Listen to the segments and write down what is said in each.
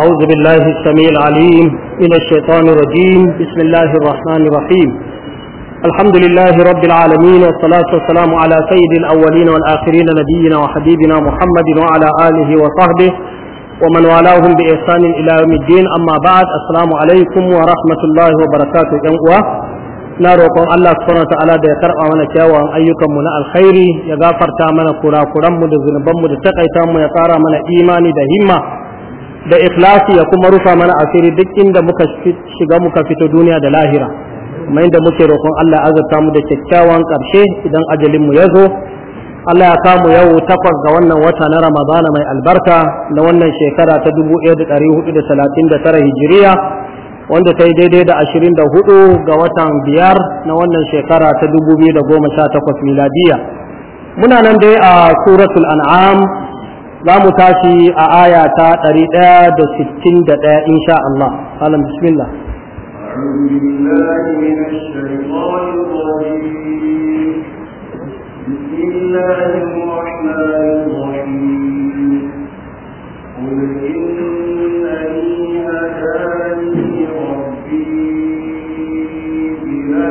أعوذ بالله السميع العليم من الشيطان الرجيم بسم الله الرحمن الرحيم الحمد لله رب العالمين والصلاة والسلام على سيد الأولين والآخرين نبينا وحبيبنا محمد وعلى آله وصحبه ومن والاهم بإحسان إلى يوم الدين أما بعد السلام عليكم ورحمة الله وبركاته يا na roƙon Allah subhanahu ta'ala da ya karɓa mana kyawawan ayyukanmu na alkhairi ya gafarta mana kurakuranmu da zunubanmu da takaita da ikhlasi ya kuma rufa mana asiri duk inda muka shiga muka fito duniya da lahira kuma inda muke roƙon Allah azurta mu da kyakkyawan ƙarshe idan ajalinmu ya zo Allah ya kamu yau takwas ga wannan wata na Ramadana mai albarka na wannan shekara ta 1439 Hijiriya wanda ta yi daidai da 24 ga watan biyar na wannan shekara ta 2018 miladiya muna nan dai a suratul an'am za mu tashi a aya ta 161 insha Allah alam bismillah أعوذ بالله من الشيطان الرجيم بسم الله الرحمن الرحيم قل إنني هداني ربي إلى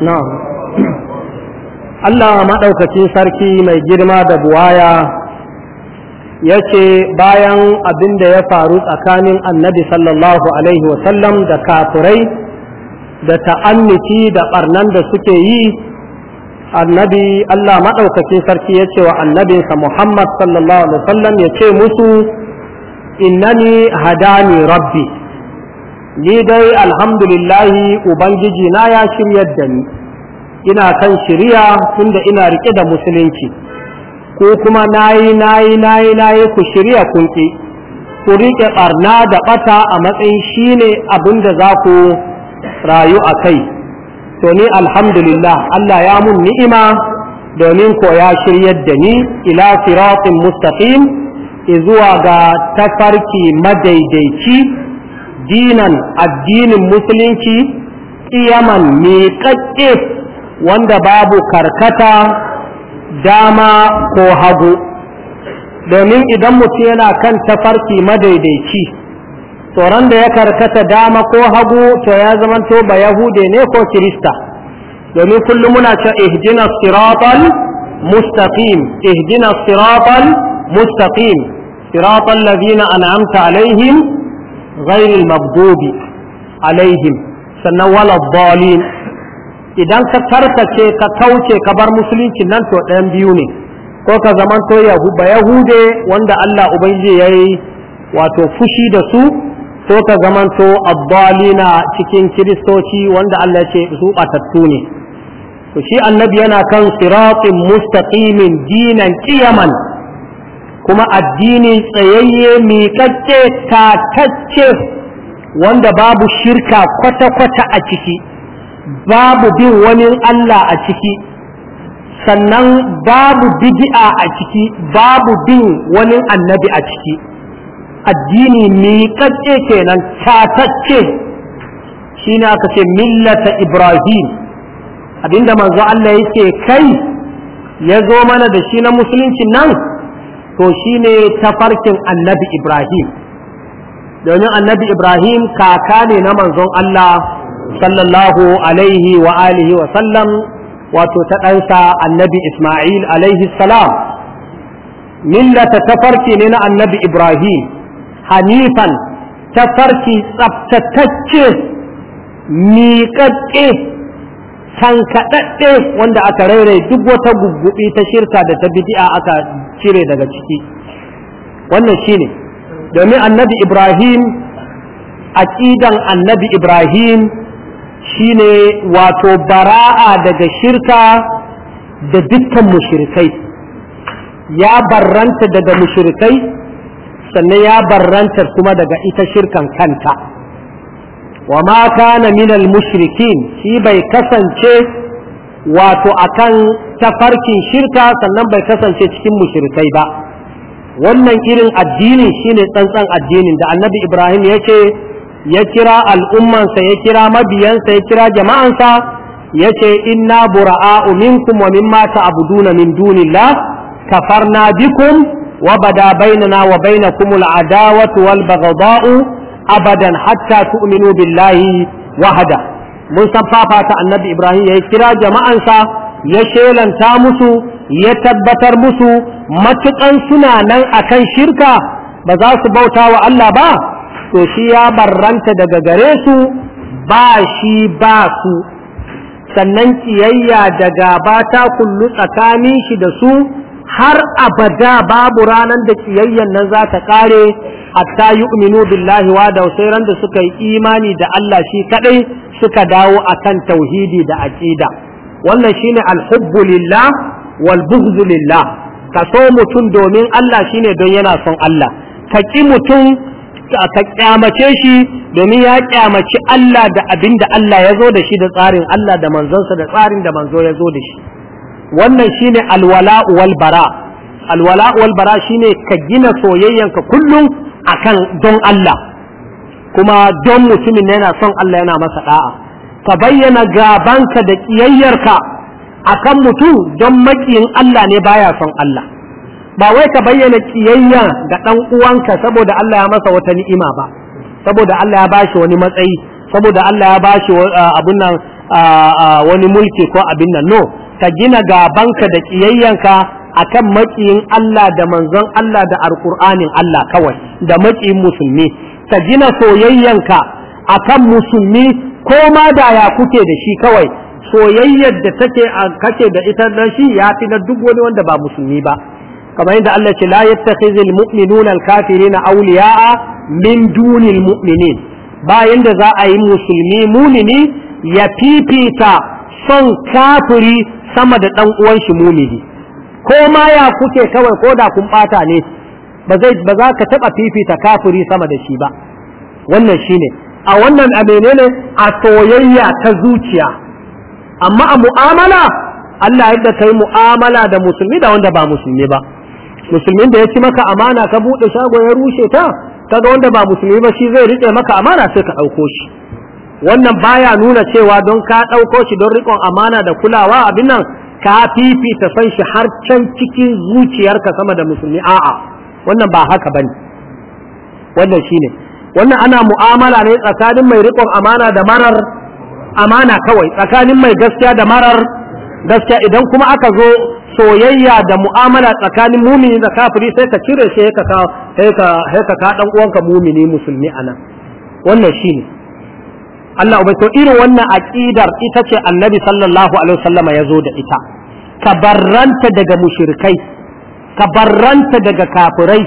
Allah maɗaukacin sarki mai girma da buwaya ya ce bayan abin da ya faru tsakanin annabi sallallahu alaihi wasallam da kafurai da ta'anniti da ɓarnan da suke yi annabi Allah maɗaukacin sarki ya ce wa annabinsa Muhammad sallallahu alaihi wasallam ya ce musu innani hadani rabbi ni dai alhamdulillahi ubangiji na ya shiryar da ni ina kan shirya tunda ina rike da musulunci ko kuma nayi nayi nayi nayi ku shirya kunki ku rike barna da bata a matsayin shine abin da za ku rayu a kai to ni alhamdulillah Allah ya mun ni'ima domin ko ya shiryar da ni ila siratin mustaqim zuwa ga tafarki madaidaici dinan addinin musulunci ƙiyaman miƙaƙƙe wanda babu karkata dama ko hagu domin idan mutum yana kan tafarki madaidaici tsoron da ya karkata dama ko hagu to ya zamanto ba yahude ne ko kirista domin kullum muna ce ihdina siratal mustaqim ihdina siratal mustaqim siratal ladina an'amta alaihim ghairil maghdubi alaihim sannan wala idan ka tarkace ka kauce ka bar musulunci nan to ɗayan biyu ne ko ka zamanto yahuba yahude wanda Allah ubangiji yayi wato fushi da su ko ka zamanto abbalina cikin kiristoci wanda Allah ce su batattu ne to shi annabi yana kan siratin mustaqimin dinan qiyaman kuma addini tsayayye miƙaƙƙe, tatacce wanda babu shirka kwata-kwata a ciki babu bin wani Allah a ciki sannan babu bid'a a ciki babu bin wani annabi a ciki addini miƙaƙƙe kenan tatacce shi ne aka ce millata ibrahim abinda manzo Allah yake kai ya zo mana da shi na musulunci nan to shine tafarkin annabi Ibrahim domin annabi Ibrahim kaka ne na manzon Allah sallallahu alaihi wa alihi wa sallam wato ta ɗansa annabi Ismail alaihi salam millata tafarki ne na annabi Ibrahim hanifan tafarki tsaftatacce miƙaƙƙe tankaɗaɗɗe wanda aka raire duk wata gugguɓi ta shirka da ta bidi'a aka cire daga ciki wannan shine domin annabi ibrahim aqidan annabi ibrahim shine wato bara'a daga shirka da dukkan mushrikai ya barranta daga mushrikai sannan ya barranta kuma daga ita shirkan kanta wa ma kana minal mushrikin shi bai kasance wato akan tafarkin shirka sannan bai kasance cikin mushrikai ba wannan irin addini shine tsantsan addinin da annabi ibrahim ya ce ya kira al'ummansa ya kira mabiyansa ya kira jama'ansa ya ce inna bura'a'u minkum wa mimma ta'buduna min dunillah kafarna bikum wa bada bainana wa bainakum al'adawatu wal baghdha'u abadan hatta tu'minu billahi wahda mun san fafata annabi ibrahim ya yi kira jama'ansa ya shelanta musu ya tabbatar musu matukan suna nan akan shirka ba za su bauta wa Allah ba to shi ya barranta daga gare su ba shi ba su sannan kiyayya da gaba ta kullu tsakanin shi da su har abada babu ranar da kiyayyan nan za ta kare hatta yu'minu billahi wa da sai ran da suka yi imani da Allah shi kadai suka dawo akan tauhidi da aqida wannan shine alhubbu lillah wal bughdu lillah ka so mutum domin Allah shine don yana son Allah ka ki mutum ka kyamace shi domin ya kyamaci Allah da abinda Allah ya zo da shi da tsarin Allah da manzonsa da tsarin da manzo ya zo da shi wannan shine alwala wal bara alwala wal bara shine ka gina soyayyanka kullum akan don Allah kuma don mutumin yana son Allah yana masa da'a ka bayyana gabanka da kiyayyarka akan mutum don makiyin Allah ne baya son Allah ba wai ka bayyana kiyayya ga ɗan uwanka saboda Allah ya masa wata ni'ima ba saboda Allah ya bashi wani matsayi saboda Allah ya bashi abun nan wani mulki ko abin nan no ka gina gabanka da kiyayyanka akan makiyin Allah da manzon Allah da alƙur'anin Allah kawai da makiyin musulmi ka gina soyayyanka kan musulmi ko ma da ya kuke da shi kawai soyayyar da take kake da ita nan shi ya fi na duk wani wanda ba musulmi ba kamar yadda Allah ce la yattakhizul mu'minuna al-kafirina awliya'a min dunil mu'minin bayan da za a yi musulmi mumini ya fifita son kafiri sama da ɗan uwan shi mumini ko ma ya kuke kawai ko da kun bata ne ba za ka taɓa fifita kafiri sama da shi ba wannan shine a wannan a menene a soyayya ta zuciya amma a mu'amala Allah yadda ka mu'amala da musulmi da wanda ba musulmi ba musulmin da ya ci maka amana ka bude shago ya rushe ta kaga wanda ba musulmi ba shi zai riƙe maka amana sai ka ɗauko shi wannan baya nuna cewa don ka ɗauko shi don rikon amana da kulawa abin nan ka fifita san shi har can cikin zuciyarka sama da musulmi a'a wannan ba haka ba ne wannan shine wannan ana mu'amala ne tsakanin mai riƙon amana da marar amana kawai tsakanin mai gaskiya da marar gaskiya idan kuma aka zo soyayya da mu'amala tsakanin mumini da kafiri sai ka cire shi sai ka sai ka uwanka mumini musulmi anan wannan shine Allah ubai to irin wannan aqidar ita ce Annabi sallallahu alaihi wasallam ya zo da ita ka barranta daga mushrikai ka barranta daga kafirai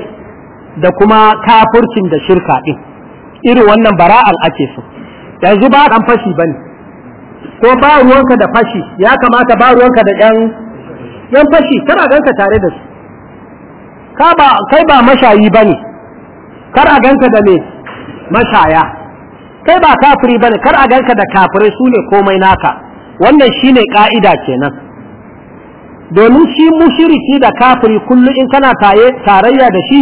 da kuma kafurcin da shirka ɗin irin wannan bara'al ake so yanzu ba ɗan fashi ba ne ko ba ruwanka da fashi ya kamata ba ruwanka da ɗan ɗan fashi kana ganka tare da su kai ba mashayi ba ne kar a ganka da me mashaya kai ba kafiri ba ne kar a ganka da kafirai su ne komai naka wannan shine ka'ida kenan domin shi mushiriki da kafiri kullum in kana tarayya da shi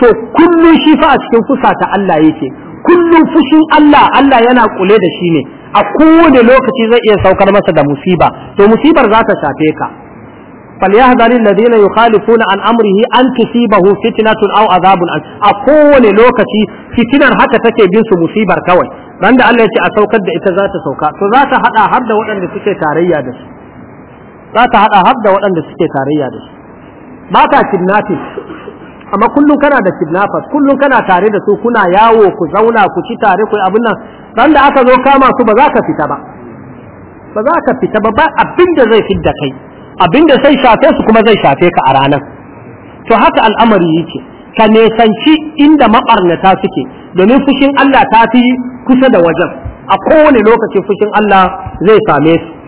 to kullum shi fa a cikin kusa ta Allah yake kullum fushin Allah Allah yana kule da shi ne a kowane lokaci zai iya saukar masa da musiba to musibar za ta shafe ka فليحذر الذين يخالفون عن امره ان تصيبه فتنه او عذاب a kowane lokaci fitinar haka take bin su musibar kawai ran da Allah ya ce a saukar da ita za ta sauka to za ta hada har da waɗanda suke tarayya da su za ta haɗa har da waɗanda suke tarayya da su. ba ta kidnapping amma kullum kana da kidnappers kullum kana tare da su kuna yawo ku zauna ku ci tare ku abin nan ɗan da aka zo kama su ba za ka fita ba ba za ka fita ba ba abin da zai fidda kai abin da sai shafe su kuma zai shafe ka a ranar to haka al'amari yake ka nesanci inda maɓarnata suke domin fushin Allah ta fi kusa da wajen a kowane lokaci fushin Allah zai same su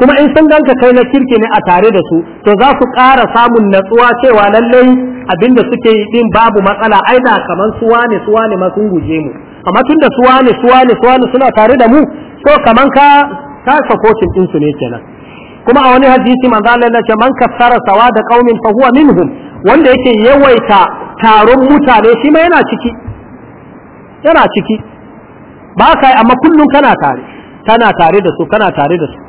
kuma in sun ganka kai na kirki ne a tare da su to za su ƙara samun natsuwa cewa lallai abinda suke yi din babu matsala ai da kamar suwa ne suwa ne guje mu amma tunda suwa ne suwa ne suwa ne suna tare da mu to kaman ka ka sakotin din su ne kenan kuma a wani hadisi manzo Allah ya ce man kaffara sawada da qaumin fa huwa minhum wanda yake yawaita taron mutane shi ma yana ciki yana ciki ba kai amma kullum kana tare kana tare da su kana tare da su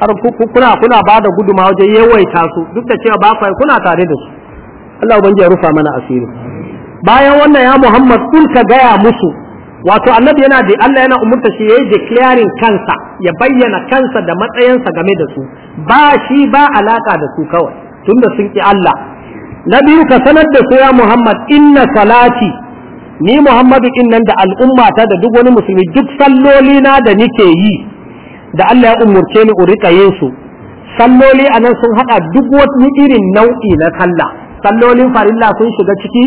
har kuna kuna ba da guduma wajen yawaita su duk da cewa ba kuna tare da su Allah ubangiji ya rufa mana asiri bayan wannan ya Muhammad kun ka gaya musu wato annabi yana da Allah yana umurta shi yayi declaring kansa ya bayyana kansa da matsayinsa game da su ba shi ba alaka da su kawai tunda sun ki Allah na ka sanar da su ya Muhammad inna salati ni Muhammadu innan da al'ummata da duk wani musulmi duk salloli na da nike yi da Allah ya umurce ni urika yin su salloli anan sun hada duk wani irin nau'i na sallah sallolin farilla sun shiga ciki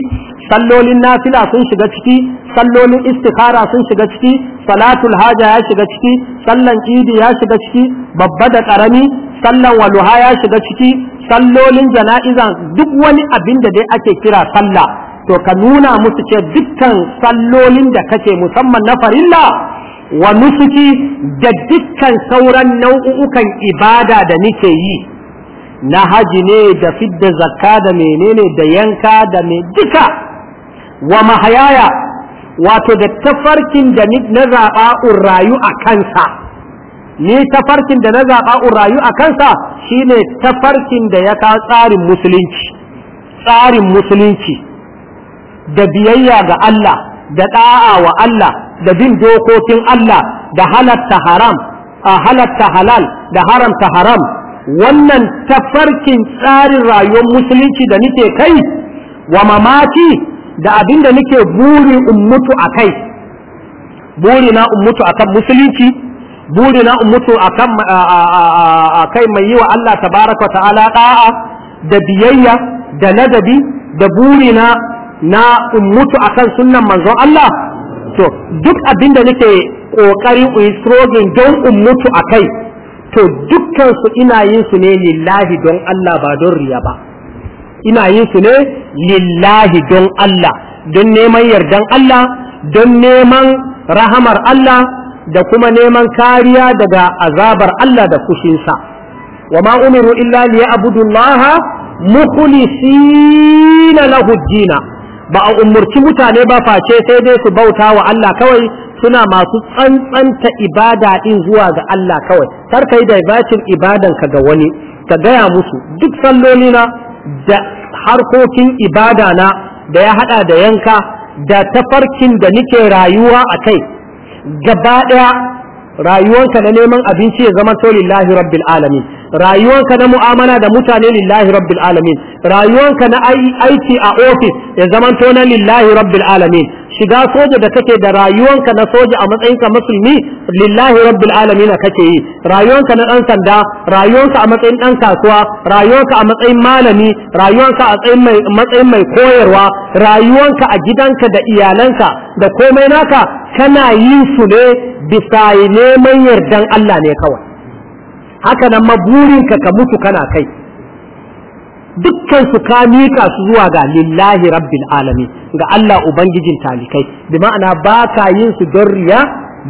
sallolin nafila sun shiga ciki sallolin istikhara sun shiga ciki salatul haja ya shiga ciki sallan idi ya shiga ciki babba da karami sallan waluha ya shiga ciki sallolin jana'izan duk wani abin da dai ake kira sallah to ka nuna musu ce dukkan sallolin da kake musamman na farilla wa nusuki da dukkan sauran nau'ukan ibada da nike yi na haji ne da fidda zakka da menene da yanka da me duka wa mahayaya wato da tafarkin da na zaɓa rayu a kansa ni tafarkin da na zaɓa rayu a kansa shine tafarkin da ya kawo tsarin musulunci tsarin musulunci da biyayya ga Allah da ɗa'a wa Allah da bin dokokin Allah da halatta haram a halatta halal da haramta haram wannan tafarkin tsarin rayuwar musulunci da nike kai wa mamaki da abin da nike buri ummutu a kai buri na ummutu a kan musulunci buri na in mutu akan kai mai yi wa Allah tabaraka ta'ala ɗa'a? da biyayya da ladabi da buri na na in mutu akan sunnan manzon Allah to duk abin da nake kokarin in strogin don in mutu a kai to dukkan su ina yin su ne lillahi don Allah ba don riya ba ina yin su ne lillahi don Allah don neman yardan Allah don neman rahamar Allah da kuma neman kariya daga azabar Allah da kushinsa wa ma umiru illa liya'budu Allah mukhlisina lahu dina. ba a umurci mutane ba face sai dai su bauta wa Allah kawai suna masu tsantsanta ibada din zuwa ga Allah kawai kar kai da bacin ibadan ka ga wani ka gaya musu duk salloli na da harkokin ibada na da ya hada da yanka da tafarkin da nike rayuwa a kai gaba daya rayuwanka na neman abinci ya zama to lillahi rabbil alamin rayuwanka na mu'amala da mutane lillahi rabbil alamin rayuwanka na aiki a ofis ya zamanto na lillahi rabbil alamin shiga soja da kake da rayuwanka na soja a matsayinka musulmi lillahi rabbil alamin kake yi rayuwanka na dan sanda rayuwanka a matsayin dan kasuwa rayuwanka a matsayin malami rayuwanka a matsayin mai koyarwa rayuwanka a gidanka da iyalanka da komai naka kana yin su ne bisa neman yardan Allah ne kawai haka nan maburinka ka mutu kana kai dukkan su ka mika su zuwa ga lillahi rabbil alamin ga Allah ubangijin talikai bi ma'ana ba ka yin su don riya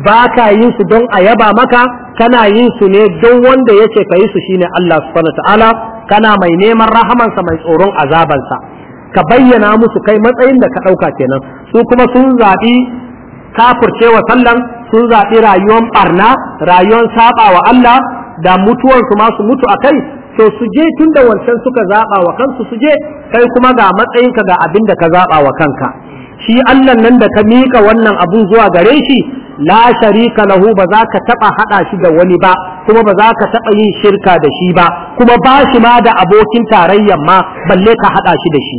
ba ka yin su don ayaba maka kana yin su ne don wanda yake ka yi su shine Allah subhanahu ta'ala kana mai neman sa mai tsoron sa ka bayyana musu kai matsayin da ka ɗauka kenan su kuma sun zaɓi kafurcewa sallan sun zaɓi rayuwar barna rayuwar saba wa Allah da mutuwarsu ma su mutu a kai to su je tun da wancan suka zaɓa wa kansu su je kai kuma ga matsayinka ga abin da ka zaɓa wa kanka shi Allah nan da ka miƙa wannan abun zuwa gare shi la sharika lahu ba za ka taɓa haɗa shi da wani ba kuma ba za ka taɓa yin shirka da shi ba kuma ba shi ma da abokin tarayyan ma balle ka haɗa shi da shi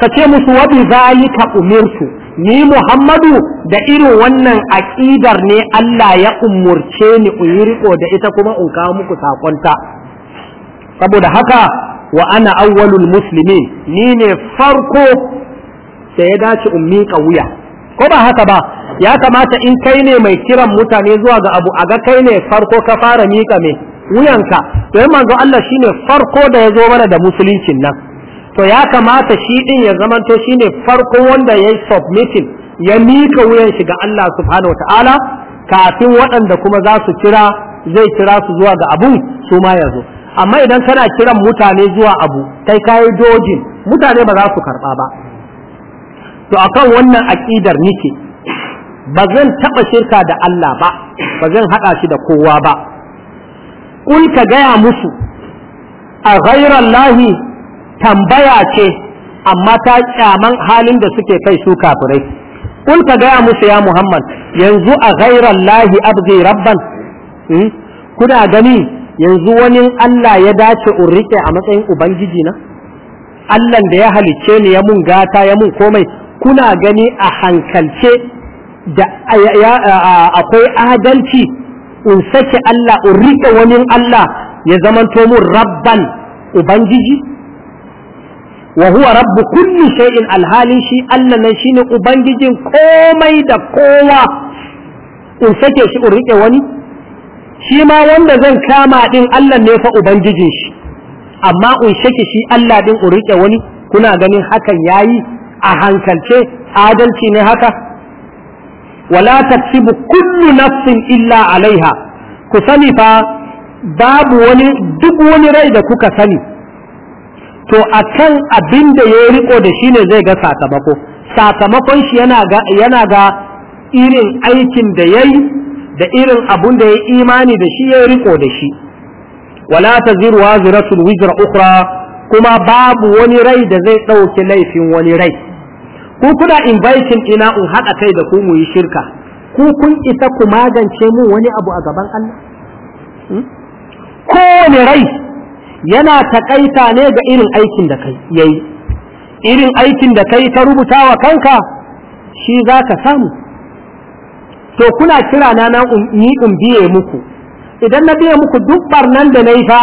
ka ce musu wa bi zalika umirtu ni Muhammadu da irin wannan aƙidar ne Allah ya umurce ni in yi riko da ita kuma in kawo muku sakonta saboda haka wa ana awwalul muslimin ni ne farko da ya dace in miƙa wuya ko ba haka ba ya kamata in kai ne mai kiran mutane zuwa ga abu a ga kai ne farko ka fara miƙa me wuyanka to manzo Allah shine farko da ya zo mana da musuluncin nan to ya kamata shi din ya zamanto shine farko wanda ya yi submitting ya mika wuyan shi ga Allah subhanahu wa kafin waɗanda kuma za su kira zai kira su zuwa ga abu su ma ya amma idan kana kiran mutane zuwa abu kai kayi dojin mutane ba za su karɓa ba to akan wannan aƙidar nike ba zan taɓa shirka da Allah ba ba zan haɗa shi da kowa ba kul ka gaya musu a ghairallahi tambaya ce amma ta kyaman halin da suke kai su kafirai kun ka gaya musu ya muhammad yanzu a ghairan lahi abzi rabban hmm? kuna gani yanzu wani allah ya dace urike a matsayin ubangiji na allah da ya halicce ni ya mun gata ya mun komai kuna gani a hankalce da akwai adalci in sake allah in wani allah ya zamanto mun rabban ubangiji Wahuwa huwa rabbu sai in alhali shi Allah nan shine ubangijin komai da kowa in sake shi in wani shi ma wanda zan kama ɗin Allah ne fa ubangijin shi amma in sake shi Allah ɗin in wani kuna ganin hakan yayi a hankalce adalci ne haka wala taksibu kullu nafsin illa alaiha ku sani fa babu wani duk wani rai da kuka sani to a kan abin da ya riko da shi ne zai ga sakamako sakamakon shi yana ga irin aikin da ya yi da irin abun da ya imani da shi ya riko da shi wala ta zirwa ziratul wizar ukra kuma babu wani rai da zai ɗauki laifin wani rai ku kuna inviting ina in haɗa kai da ku mu shirka ku kun isa ku magance mu wani abu a gaban Allah hmm? kowane rai yana takaita ne ga irin aikin da kai yayi irin aikin da kai ta rubuta wa kanka shi za ka samu to kuna kira na na ni in biye muku idan na biye muku duk barnan da nayi yi fa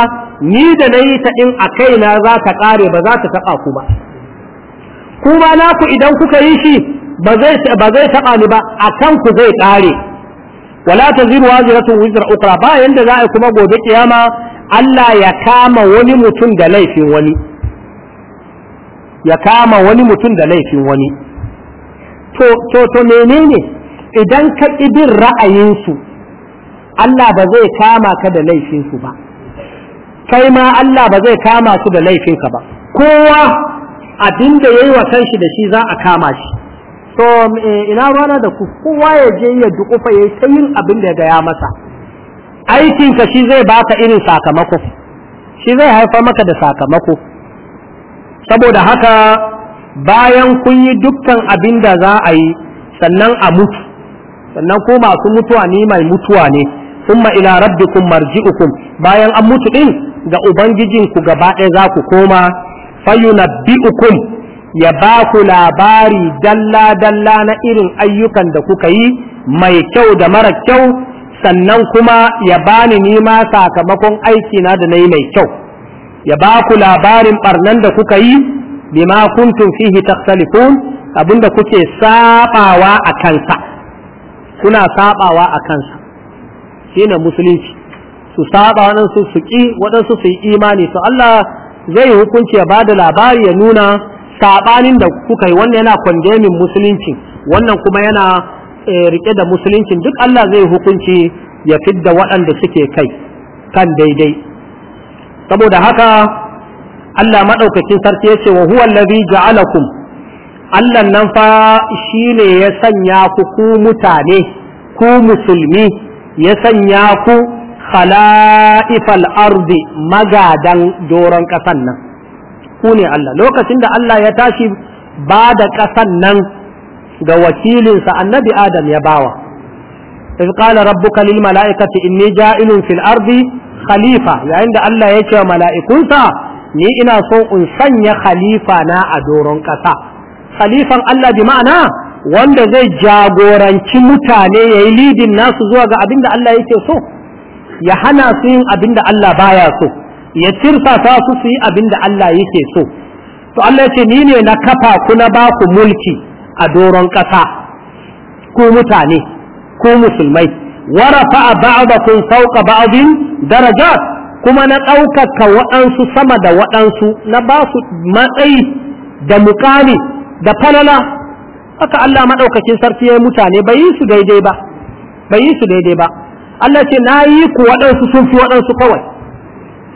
ni da na ta in a na za ta kare ba za ta taɓa ku ba kuma ku idan kuka yi shi ba zai taɓa ni ba a kan ku zai kare wala ta ziru wizra ukra ba yanda za a kuma gobe kiyama Allah ya kama wani mutum da laifin wani ya kama wani mutum da laifin wani to to menene idan ka bin ra'ayinsu Allah ba zai kama ka da laifinsu ba kai ma Allah ba zai kama su da laifinka ba kowa abin da ya yi wa kanshi da shi za a kama shi to ina rana da ku kowa ya je ya duƙufa ya yi ta yin abin da ya gaya masa aikinka shi zai baka irin sakamako shi zai haifar maka da sakamako saboda haka bayan kun yi dukkan abin da za a yi sannan a mutu sannan ko masu mutuwa ni mai mutuwa ne kuma ila rabbikum marji'ukum bayan an mutu din ga ubangijinku gaba ɗaya za ku koma fayunabbi'ukum ya ba ku labari dalla dalla na irin ayyukan da kuka yi mai kyau da mara kyau sannan kuma ya bani ni ma sakamakon aiki na da nayi mai kyau ya ba ku labarin barnan da kuka yi bima kuntum fihi takhtalifun abinda kuke sabawa a kansa kuna sabawa a kansa shine musulunci su saba waɗansu su suki waɗansu su yi imani to Allah zai hukunci ya bada labari ya nuna sabanin da kuka yi wannan yana condemning musulunci wannan kuma yana Eh, rike da musuluncin duk Allah zai hukunci ya fidda waɗanda suke kai kan daidai saboda haka Allah maɗaukacin sarki ya ce wa huwa ga ja'alakum Allah nan fa shi ne ya sanya ku ku mutane ku musulmi ya sanya ku khala'ifal arzi magadan doron ƙasan nan ku ne Allah lokacin da Allah ya tashi ba da ƙasan nan ga wakilinsa annabi adam ya bawa in قال ربك للملائكة إني جائل في الأرض خليفة عند الله يجي ملائكونسا ni ina so in sanya khalifa na a doron ƙasa khalifan Allah bi ma'ana wanda zai jagoranci mutane ya yi lidin nasu zuwa ga abinda Allah yake so ya hana su yin abinda Allah baya so ya tirsasa su su yi abinda Allah yake so to Allah ce ni ne na kafa ku na ba mulki a doron ƙasa ku mutane ku musulmai warafa ba'dakum sauka ba'adin daraja kuma na ɗaukaka waɗansu sama da waɗansu na ba su matsayi da mukami da falala haka Allah maɗaukakin sarki ya mutane bai yi su daidai ba bai yi su daidai ba Allah ce na yi ku waɗansu sun fi waɗansu kawai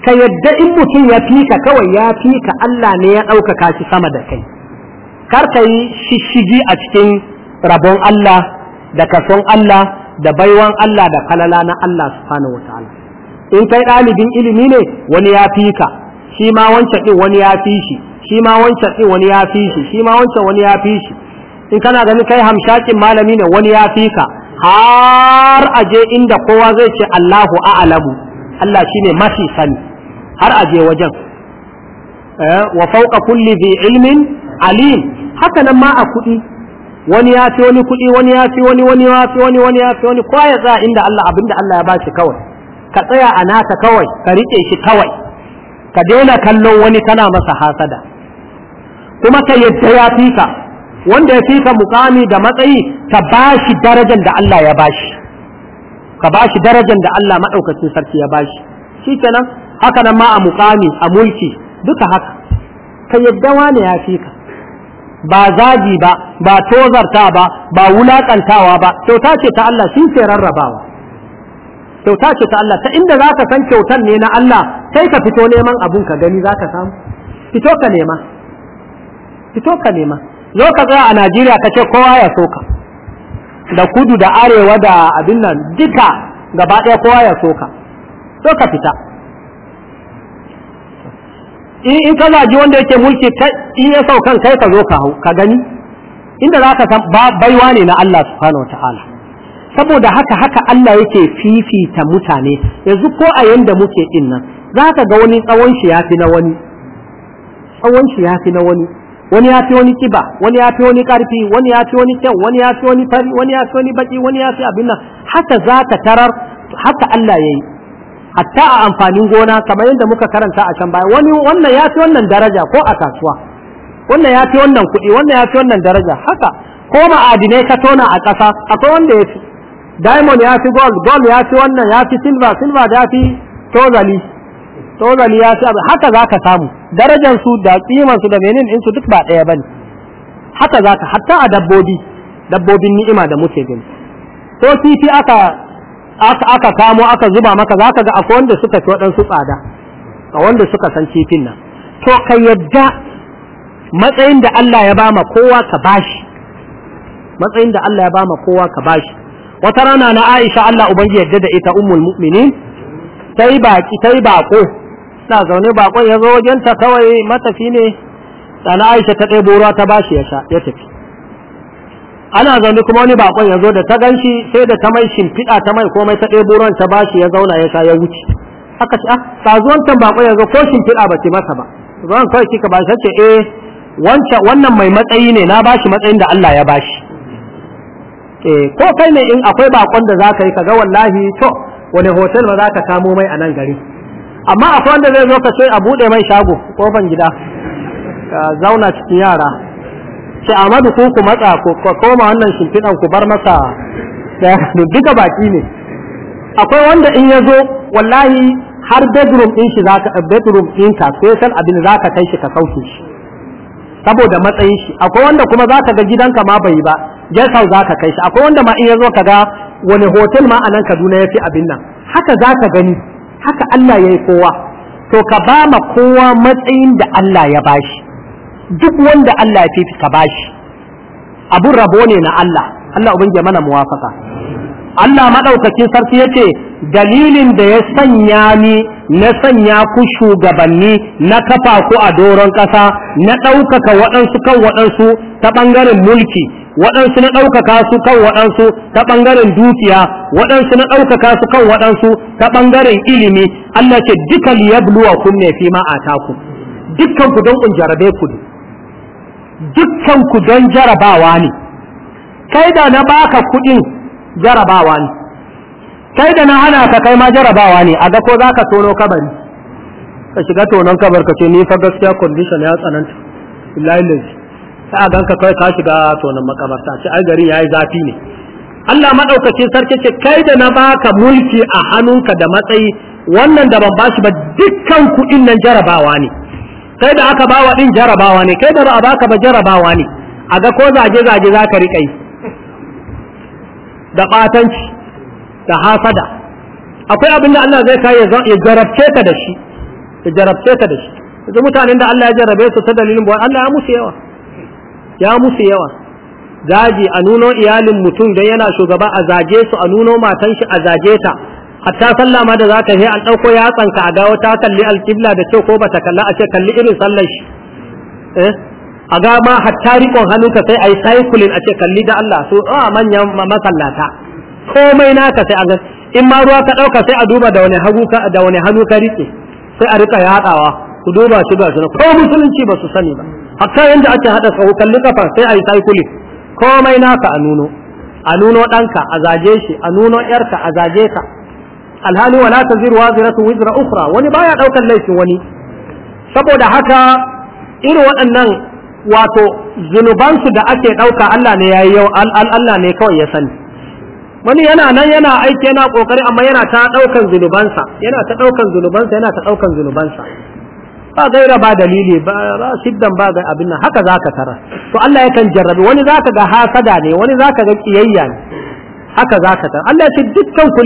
ka yadda in mutum ya fika kawai ya fika Allah ne ya ɗaukaka shi sama da kai kar ka yi shishigi a cikin rabon Allah da kason Allah da baiwan Allah da kalala na Allah subhanahu wa ta'ala in kai ɗalibin ilimi ne wani ya fi ka shi ma wancan ɗin wani ya fi shi shi ma wancan ɗin wani ya fi shi shi ma wancan wani ya fi shi in kana ganin kai hamshakin malami ne wani ya fi ka har a je inda kowa zai ce Allahu a'lamu Allah shine mafi sani har a je wajen eh, wa fawqa kulli dhi ilmin alim haka nan ma a kuɗi wani ya fi wani kuɗi wani ya fi wani wani ya fi wani wani ya fi wani ko ya tsaya inda Allah abinda Allah ya ba shi kawai ka tsaya a naka kawai ka riƙe shi kawai ka daina kallon wani kana masa hasada kuma ka yadda ya fi ka wanda ya fi ka mukami da matsayi ka ba shi darajar da Allah ya ba shi ka ba shi darajar da Allah maɗaukacin sarki ya ba shi shi kenan haka nan ma a mukami a mulki duka haka ka yadda wane ya fi ka ba zagi ba ba tozarta ba ba wulakantawa ba kyauta ce ta Allah shi ce rarrabawa kyauta ce ta Allah ta inda za ka san kyautar ne na Allah sai ka fito neman abun ka gani za ka samu fito ka nema fito ka nema zo ka tsaya a Najeriya ka ce kowa ya soka da kudu da arewa da abin nan duka gaba ɗaya kowa ya soka so ka fita in ka ji wanda yake mulki in ya saukan kai ka zo ka hau ka gani inda za ka san baiwa ne na Allah subhanahu wa ta'ala saboda haka haka Allah yake fifita mutane yanzu ko a yanda muke din nan za ka ga wani tsawon shi ya fi na wani tsawon shi ya fi na wani wani ya fi wani kiba wani ya fi wani karfi wani ya fi wani kyau wani ya fi wani fari wani ya fi wani baki wani ya fi abin nan haka za ka tarar haka Allah ya yi hatta a amfanin gona kamar yadda muka karanta a can baya wani wannan ya fi wannan daraja ko a kasuwa wannan ya fi wannan kuɗi wannan ya fi wannan daraja haka ko ma'adinai ka tona a ƙasa akwai wanda ya fi diamond ya fi gold gold ya fi wannan ya fi silver silver ya fi tozali tozali ya fi haka za ka samu darajar su da tsiman su da menin su duk ba ɗaya bane haka za ka hatta a dabbobi dabbobin ni'ima da muke gani ko kifi aka aka aka kamo aka zuba maka zaka ga akwai wanda suka ci waɗansu tsada a wanda suka san kifin nan to ka yadda matsayin da Allah ya bama kowa ka bashi matsayin da Allah ya bama kowa ka bashi wata rana na Aisha Allah ubangi yadda da ita ummul mu'minin tai baki tai bako ta zaune bakon ya zo wajenta kawai matafi ne sana Aisha ta ɗebo ruwa ta bashi ya sha ya tafi ana zaune kuma wani bakon ya zo da ta ganshi sai da ta mai shimfiɗa ta mai komai ta ɗaya ruwan ta bashi ya zauna ya sha ya wuce aka ce ah zuwan tan bakon ya zo ko shimfiɗa ba ce masa ba zuwan kawai kika ba sai ce eh wancan wannan mai matsayi ne na bashi matsayin da Allah ya bashi eh ko kai ne in akwai bakon da zaka yi kaga wallahi to wani hotel ba za ka samo mai a nan gari amma akwai wanda zai zo ka ce a buɗe mai shago kofan gida ka zauna cikin yara ce Amadu ku ku matsa ku koma wannan shimfiɗan ku bar masa eh, duka baki ne akwai wanda in ya zo wallahi har bedroom ɗin shi zaka bedroom ɗinka special abin zaka kai shi ka sauke shi saboda matsayin shi akwai wanda kuma zaka ga gidanka ma bai ba guest house zaka kai shi akwai wanda ma in ya zo ka ga wani hotel ma a nan Kaduna ya fi abin nan haka zaka gani haka Allah ya yi kowa to ka ba ma kowa matsayin da Allah ya bashi duk wanda Allah ya fifita bashi abun rabo ne na Allah Allah ubangiji mana muwafaka Allah madaukakin sarki yace dalilin da ya sanya ni na sanya ku shugabanni na kafa ku a doron ƙasa na ɗaukaka waɗansu kan waɗansu ta ɓangaren mulki waɗansu na ɗaukaka su kan waɗansu ta ɓangaren dukiya waɗansu na ɗaukaka su kan waɗansu ta ɓangaren ilimi Allah ce duka liyabluwa kun ne fi ma a taku dukkan ku don kun jarabe ku dukkan ku don jarabawa ne kai da na baka kudin jarabawa ne kai da na hana ka kai ma jarabawa ne a ga ko ka tono kabari ka shiga tonon kabar ka ce ni gaskiya condition ya tsananta billahi lazi sai a ganka kai ka shiga tonon makamarta ce ai gari yi zafi ne Allah madaukakin sarki ce kai da na baka mulki a hannunka da matsayi wannan da ban bashi ba dukkan kuɗin nan jarabawa ne kai da aka bawa din jarabawa ne kai da ba a baka ba jarabawa ne a ga ko zaje zaje za ka riƙa yi da ɓatanci da hasada akwai abin da Allah zai kai ya jarabce ka da shi ya jarabce ka da shi yanzu mutanen da Allah ya jarabe su ta dalilin buwa Allah ya musu yawa ya musu yawa zaji a nuno iyalin mutum dan yana shugaba a zaje su a nuno matan shi a zaje ta hatta sallah ma da zaka yi an dauko yatsanka a gawo ta kalli alqibla da kyau ko bata kalla a ce kalli irin sallar shi eh a ga ma hatta riƙon hannunka sai a yi cycling a ce kalli da Allah su a manyan masallata komai naka sai a ga in ma ruwa ka ɗauka sai a duba da wani hagu ka da wani hannu ka riƙe sai a riƙa yaɗawa ku duba shi ba shi ko musulunci ba su sani ba hatta yanda ake haɗa sahu kalli kafa sai a yi cycling komai naka a nuno a nuno ɗanka a zaje shi a nuno yarka a zaje ka alhali wala zira waziratu wizra ukhra wani baya daukan laifin wani saboda haka irin waɗannan wato zunubansu da ake dauka Allah ne yayi yau Allah ne kawai ya sani wani yana nan yana aiki yana kokari amma yana ta daukan zunubansa yana ta daukan zunubansa yana ta daukan zunubansa ba gaira ba dalili ba siddan ba ga abin nan haka zaka tara to Allah yakan jarrabe wani zaka ga hasada ne wani zaka ga kiyayya ne haka za ka san Allah ce dukkan ku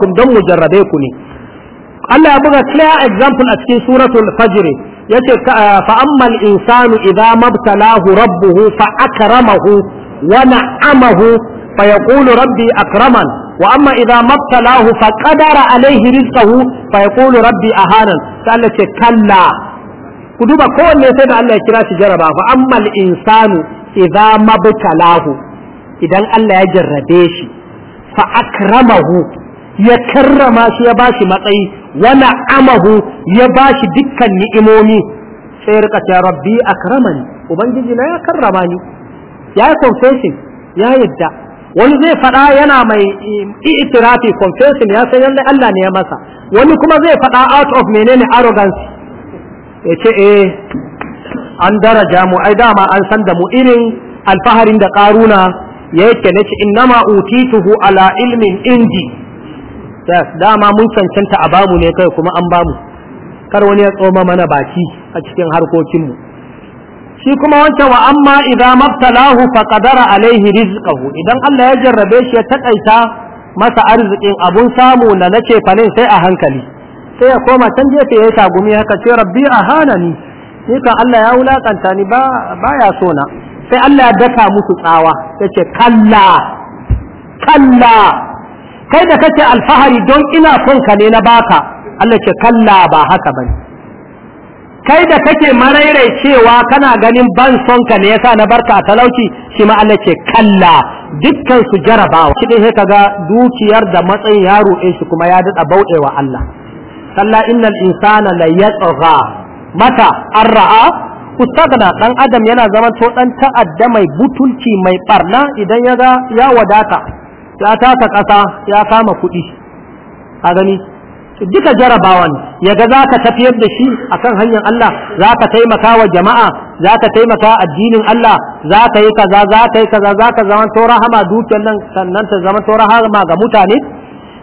kun don mu jarrabe ku ne Allah ya buga clear example a cikin suratul fajr yace eh, fa amma al insanu idza mabtalahu rabbuhu fa akramahu wa na'amahu fa yaqulu rabbi akraman wa amma idza mabtalahu fa qadara alayhi rizqahu fa yaqulu rabbi ahanan sai Allah ce kalla ku duba kowanne sai da Allah ya kira shi jaraba fa amma al insanu idza mabtalahu idan Allah ya jarrabe shi fa akramahu ya karrama shi ya shi matsayi wa na'amahu ya bashi dukkan ni'imomi sai rika rabbi akramani ubangiji na ya karrama ni ya confession ya yadda wani zai faɗa yana mai eh, itirafi confession ya san Allah ne ya masa wani kuma zai faɗa out of menene arrogance ya ce eh an daraja mu ai dama an sandamu mu irin alfaharin da karuna yake na ce ma utituhu ala ilmin indi dama mun cancanta a bamu ne kai kuma an bamu kar wani ya tsoma mana baki a cikin harkokin mu shi kuma wancan wa amma idan mabtalahu fa qadara alaihi rizqahu idan Allah ya jarrabe shi ya takaita masa arzikin abun samu na nace fanin sai a hankali sai ya koma can jefe ya tagumi haka ce rabbi ahanani ni kan Allah ya wulakanta ni ba baya so na sai Allah ya daka musu tsawa ya ce kalla kalla kai da kake alfahari don ina son ka ne na baka Allah ce kalla ba haka bane kai da kake marairai cewa kana ganin ban son ka ne yasa na barka a talauci shi ma Allah ce kalla dukkan su jarabawa shi dai kaga dukiyar da matsayin yaro ɗin shi kuma ya dada bauɗewa Allah kalla innal insana la yatgha mata arra'a ustagna ɗan adam yana zama to ta'adda mai butulci mai ɓarna idan ya ga ya wadata ya tasa ƙasa ya kama kuɗi a gani duka jarabawan ya ga za ka tafiyar da shi a kan hanyar Allah za ka taimaka wa jama'a za ka taimaka addinin Allah za ka yi kaza za ka yi kaza za ka zama to rahama dukiyar nan sannan ta zama to rahama ga mutane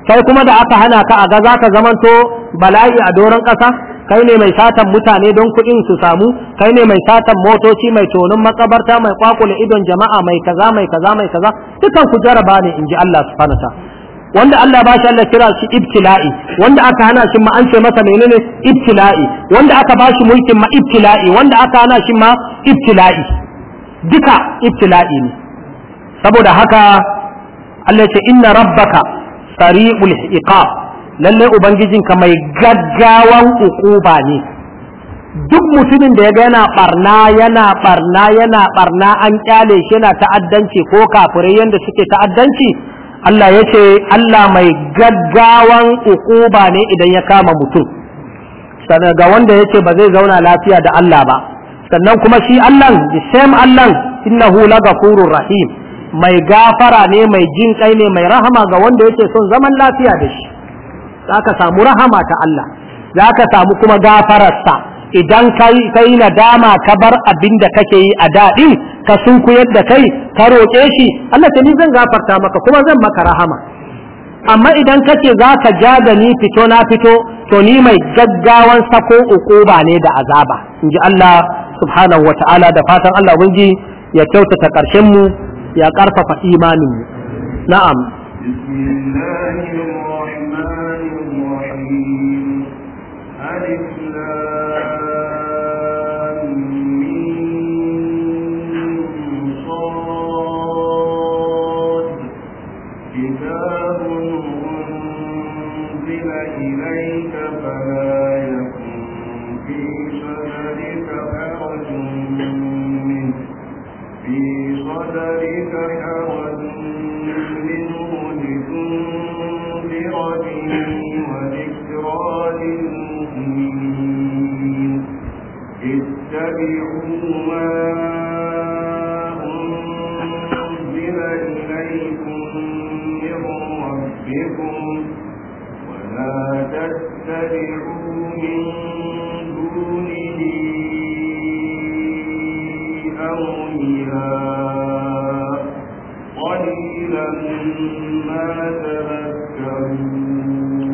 kai kuma da aka hana ka a ga za ka zama to bala'i a doron ƙasa kai ne mai satan mutane don kuɗin su samu kai ne mai satan motoci mai tonon makabarta mai kwakule idon jama'a mai kaza mai kaza mai kaza dukan ku jaraba ne inji Allah subhanahu wa wanda Allah ba shi Allah kira shi ibtila'i wanda aka hana shi ma an ce masa menene ibtila'i wanda aka ba shi mulkin ma ibtila'i wanda aka hana shi ma ibtila'i duka ibtila'i ne saboda haka Allah ce inna rabbaka sari'ul iqab Lallai ubangijin ka mai gaggawan ukuba ne duk mutumin da ya ga yana barna yana barna yana barna an kyale shi yana ta'addanci ko kafirai yadda suke ta'addanci Allah ya ce Allah mai gaggawan ukuba ne idan ya kama mutum sannan ga wanda ya ce ba zai zauna lafiya da Allah ba sannan kuma shi Allah the same Allah innahu lagafurur rahim mai gafara ne mai jin kai ne mai rahama ga wanda yake son zaman lafiya da shi za ka samu rahama ta Allah za ka samu kuma gafararsa idan ka yi nadama ka bar abin da kake yi a daɗi ka sunkuyar da kai ka roƙe shi Allah ta ni zan gafarta maka kuma zan maka rahama amma idan kace za ka ja da ni fito na fito to ni mai gaggawan sako ukuba ne da azaba in ji Allah subhanahu wa ta'ala da fatan Allah ubangiji ya kyautata ƙarshen mu ya ƙarfafa imanin mu na'am الْعَالَمِينَ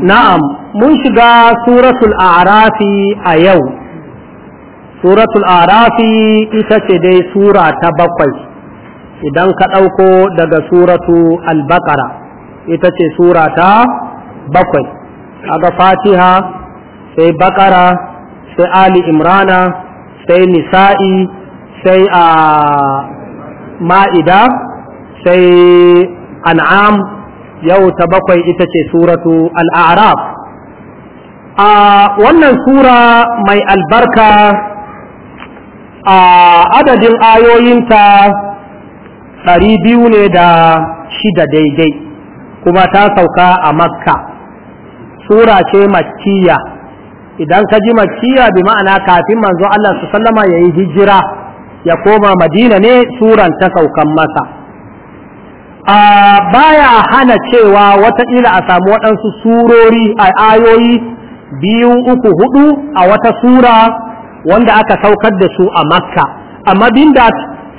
na'am mun shiga suratul arafi a yau suratul arafi ita ce dai sura ta bakwai idan ka ɗauko daga suratu albakara ita ce sura ta bakwai aga fatiha sai Baƙara, sai ali imrana sai nisa'i sai a ah, ma'ida sai an'am yau ta bakwai ita ce suratu al'araf a wannan sura mai albarka a adadin ayoyinta ɗari biyu ne da shida daidai kuma ta sauka a makka sura ce makkiya idan ka ji makkiya bi ma'ana kafin manzo Allah su sallama ya yi hijira ya koma madina ne suran ta saukan masa baya hana cewa wata wataƙila a samu waɗansu surori a ayoyi biyu uku hudu a wata sura wanda aka saukar da su a makka amma bin da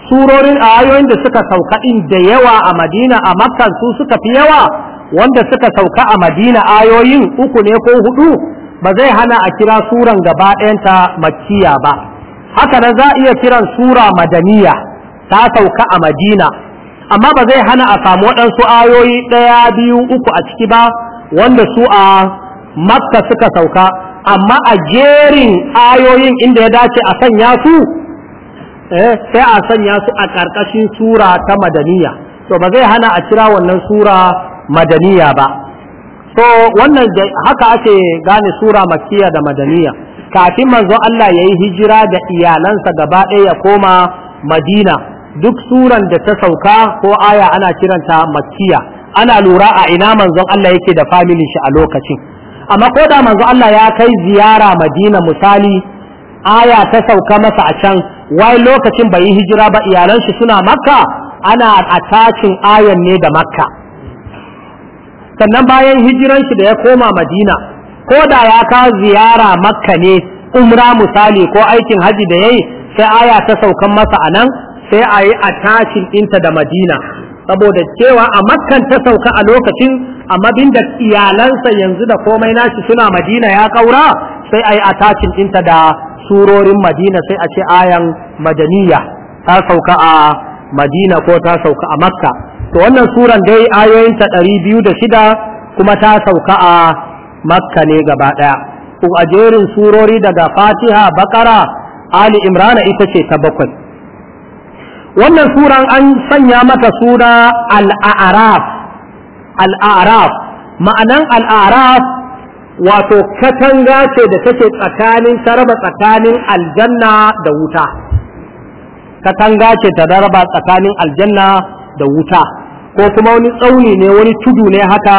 surorin a ayoyin da suka sauka in da yawa a madina a makka su suka fi yawa wanda suka sauka a madina ayoyin uku ne ko hudu ba zai hana a kira suran gaba ɗayanta makkiya ba haka da za a iya kiran sura madaniya ta sauka a madina amma ba zai hana a samu waɗansu ayoyi ɗaya biyu uku a ciki ba wanda su a makka suka sauka amma a jerin ayoyin inda ya dace a sanya su eh, sai a sanya su a ƙarƙashin sura ta madaniya to ba zai hana a kira wannan sura madaniya ba so wannan haka ake gane sura makkiya da madaniya kafin manzo Allah ya yi hijira da iyalansa gaba ɗaya ya koma madina duk suran da ta sauka ko aya ana kiranta makkiya ana lura a ina manzon Allah yake da family shi a lokacin amma ko da manzon Allah ya kai ziyara Madina misali aya ta sauka masa a can wai lokacin bai yi hijira ba iyalan shi suna makka ana attaching ayan ne da makka sannan bayan hijiran shi da ya koma Madina ko da ya ka ziyara makka ne umra misali ko aikin haji da yayi sai aya ta saukan masa a nan sai a yi a tashin ɗinta da madina saboda cewa a makkan ta sauka a lokacin a mabin da iyalansa yanzu da komai nashi suna madina ya kaura sai a yi a tashin ɗinta da surorin madina sai a ce ayan madaniya ta sauka a madina ko ta sauka a makka to wannan suran dai ayoyinta ɗari biyu da shida kuma ta sauka a makka ne gaba ɗaya a jerin surori daga fatiha bakara ali imrana ita ce ta bakwai wannan suran an sanya mata suna al'araf al'araf ma'anan al'araf wato katanga ce da take tsakanin taraba tsakanin aljanna da wuta katanga ce ta daraba tsakanin aljanna da wuta ko kuma wani tsauni ne wani tudu ne haka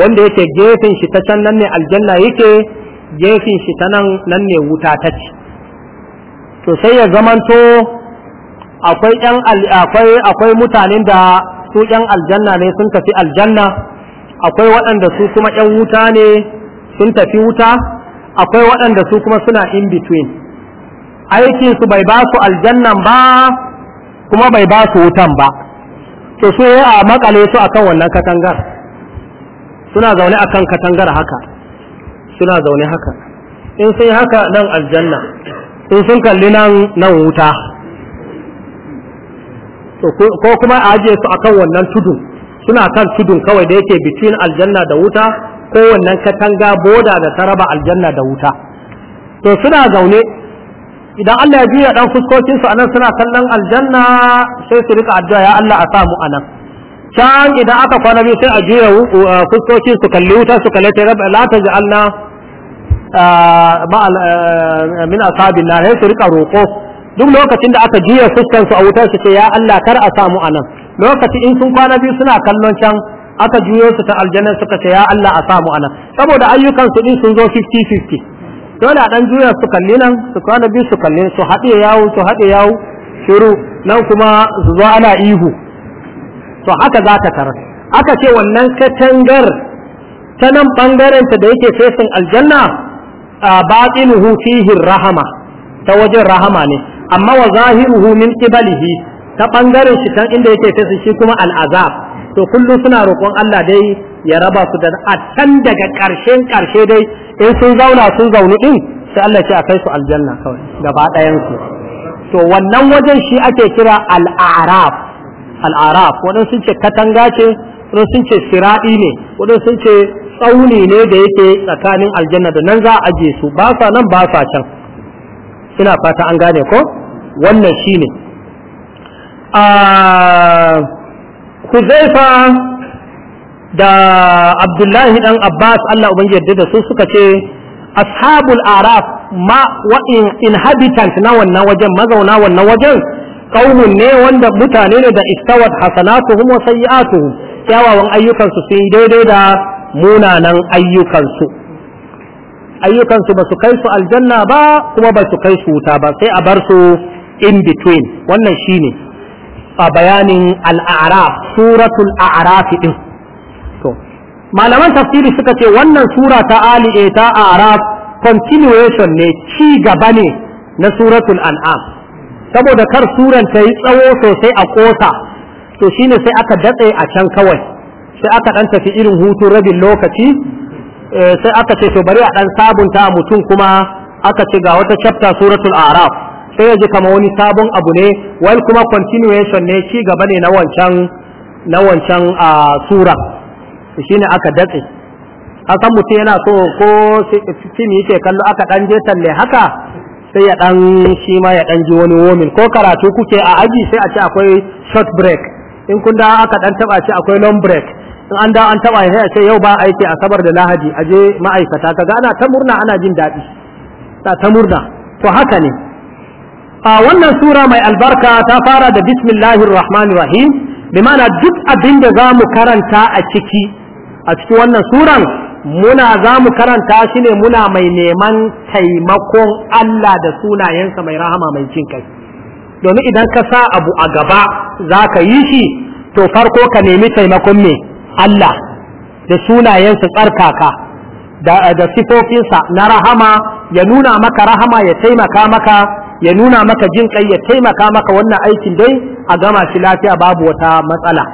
wanda yake gefen shi ta can nan ne aljanna yake gefen shi ta nan nan ne wuta ta ce to sai ya zamanto akwai yan akwai akwai mutanen da su yan aljanna ne sun tafi aljanna akwai waɗanda su kuma yan wuta ne sun tafi wuta akwai waɗanda su kuma suna in between aikin su bai ba su aljannan ba kuma bai ba su wutan ba to so a makale su akan wannan katangar suna zaune akan katangar haka suna zaune haka in sai haka nan aljanna in sun kalli nan nan wuta ko kuma a ajiye su akan wannan tudu suna kan tudun kawai da yake between aljanna da wuta ko wannan katanga boda da taraba raba aljanna da wuta to suna zaune idan Allah ya juya dan fuskokin su anan suna kallon aljanna sai su rika addu'a ya Allah a samu anan can idan aka kwana biyu sai a juya uh, fuskokin su kalli wuta su kalle ta rabba la taj'alna uh, ma uh, min na sai su rika roko duk lokacin da aka juya fuskansu a wutar su ce ya Allah kar a samu anan lokaci in sun kwana biyu suna kallon can aka juyo su ta aljanna suka ce ya Allah a samu anan saboda ayyukan su din sun zo 50-50 dole a dan juya su kalli nan su kwana biyu su kalli su haɗe yawo su haɗe yawo shiru nan kuma su zo ana ihu to haka za ta tarar aka ce wannan katangar ta nan bangaren ta da yake fesin aljanna a baƙin fihi rahama ta wajen rahama ne amma wa zahiruhu min qibalihi ta bangaren shi kan inda yake fesa shi kuma al'azab to kullum suna roƙon Allah dai ya raba su da a can daga ƙarshen ƙarshe dai in sun zauna sun zauni din sai Allah ce a kai su aljanna kawai gaba ɗayan su to wannan wajen shi ake kira al'araf al'araf waɗansu ce katanga ce ce sira'i ne waɗansu ce tsauni ne da yake tsakanin aljanna da nan za a aje su ba sa nan ba sa can ina fata an gane ko wannan shi ne a Huzaifa da Abdullahi dan Abbas Allah ubangiji da su suka ce ashabul araf ma wa inhabitant na wannan wajen mazauna wannan wajen kaumun ne wanda mutane ne da istawat hasanatuhum wa sayyi'atuhum kyawawan ayyukansu sun yi daidai da munanan ayyukansu ayyukansu ba su kai su aljanna ba kuma ba su kai su wuta ba sai a bar su in between wannan shine a bayanin al'araf suratul a'raf din to malaman tafsiri suka ce wannan sura ta ali ta a'raf continuation ne ci gaba ne na suratul an'am saboda kar suran ta yi tsawo sosai a kosa to shine sai aka datse a can kawai sai aka dan tafi irin hutun rabin lokaci Eh, sai aka ce to bari a dan sabunta mutum kuma aka ce ga wata chapter suratul araf sai yaji kamar wani sabon abu ne wal kuma continuation ne ci gaba ne na wancan na wancan sura shine aka datse akan mutum yana so ko fim yake kallo aka dan je talle haka sai ya dan shi ma ya dan ji wani womin ko karatu kuke a aji sai a ce akwai short break in kun da aka dan taba ce akwai long break in an da an taba sai a ce yau ba aiki asabar da lahadi a je ma'aikata kaga ana ta murna ana jin daɗi ta ta murna to haka ne a wannan sura mai albarka ta fara da bismillahir rahmanir rahim bi ma'ana duk abin da zamu karanta a ciki a cikin wannan suran muna zamu karanta shi ne muna mai neman taimakon Allah da sunayensa mai rahama mai jin kai domin idan ka sa abu a gaba za ka yi shi to farko ka nemi taimakon me Allah da sunayensa tsarkaka da sifofinsa na rahama ya nuna maka rahama ya taimaka maka ya nuna maka jin kai ya taimaka maka wannan aikin dai a gama shi lafiya babu wata matsala